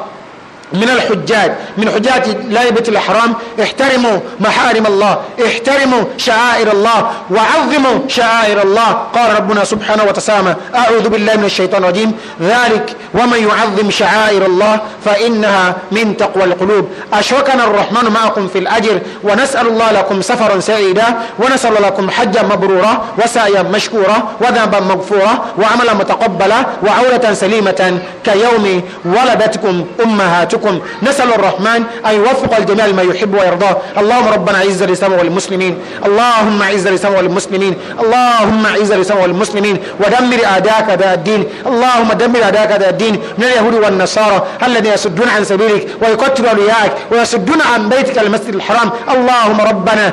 من الحجاج من حجاج لائبة الأحرام احترموا محارم الله احترموا شعائر الله وعظموا شعائر الله قال ربنا سبحانه وتسامى أعوذ بالله من الشيطان الرجيم ذلك ومن يعظم شعائر الله فإنها من تقوى القلوب أشركنا الرحمن معكم في الأجر ونسأل الله لكم سفرا سعيدا ونسأل لكم حجا مبرورا وسعيا مشكورا وذنبا مغفورا وعملا متقبلا وعولة سليمة كيوم ولدتكم أمهاتكم أنفسكم نسأل الرحمن أن يوفق الجميع لما يحب ويرضاه اللهم ربنا عز الإسلام والمسلمين اللهم عز الإسلام والمسلمين اللهم عز الإسلام والمسلمين ودمر أعداءك أداء الدين اللهم دمر أعداءك أداء الدين من اليهود والنصارى الذين يصدون عن سبيلك ويقتلوا أولياءك ويصدون عن بيتك المسجد الحرام اللهم ربنا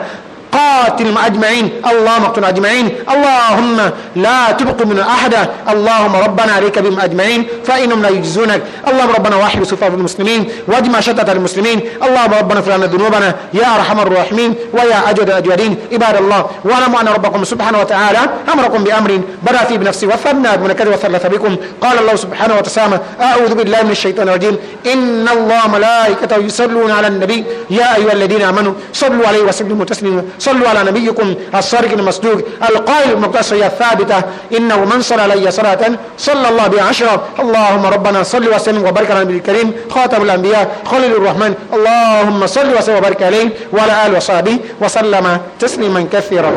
قاتلهم أجمعين اللهم اقتل أجمعين اللهم لا تبق من أحدا اللهم ربنا عليك بهم أجمعين فإنهم لا يجزونك اللهم ربنا واحد صفاف المسلمين واجمع شتات المسلمين اللهم ربنا فلنا ذنوبنا يا أرحم الراحمين ويا أجود الأجودين عباد الله وعلم أن ربكم سبحانه وتعالى أمركم بأمر بدأ فيه بنفسه من كذب وثلث بكم قال الله سبحانه وتعالى أعوذ بالله من الشيطان الرجيم إن الله ملائكته يصلون على النبي يا أيها الذين آمنوا صلوا عليه وسلموا تسليما صلوا على نبيكم الصارق المصدوق القائل المقتصية الثابتة إنه من صلى علي صلاة صلى الله بعشرة اللهم ربنا صل وسلم وبرك على النبي الكريم خاتم الأنبياء خليل الرحمن اللهم صل وسلم وبرك عليه وعلى آله وصحبه وسلم تسليما كثيرا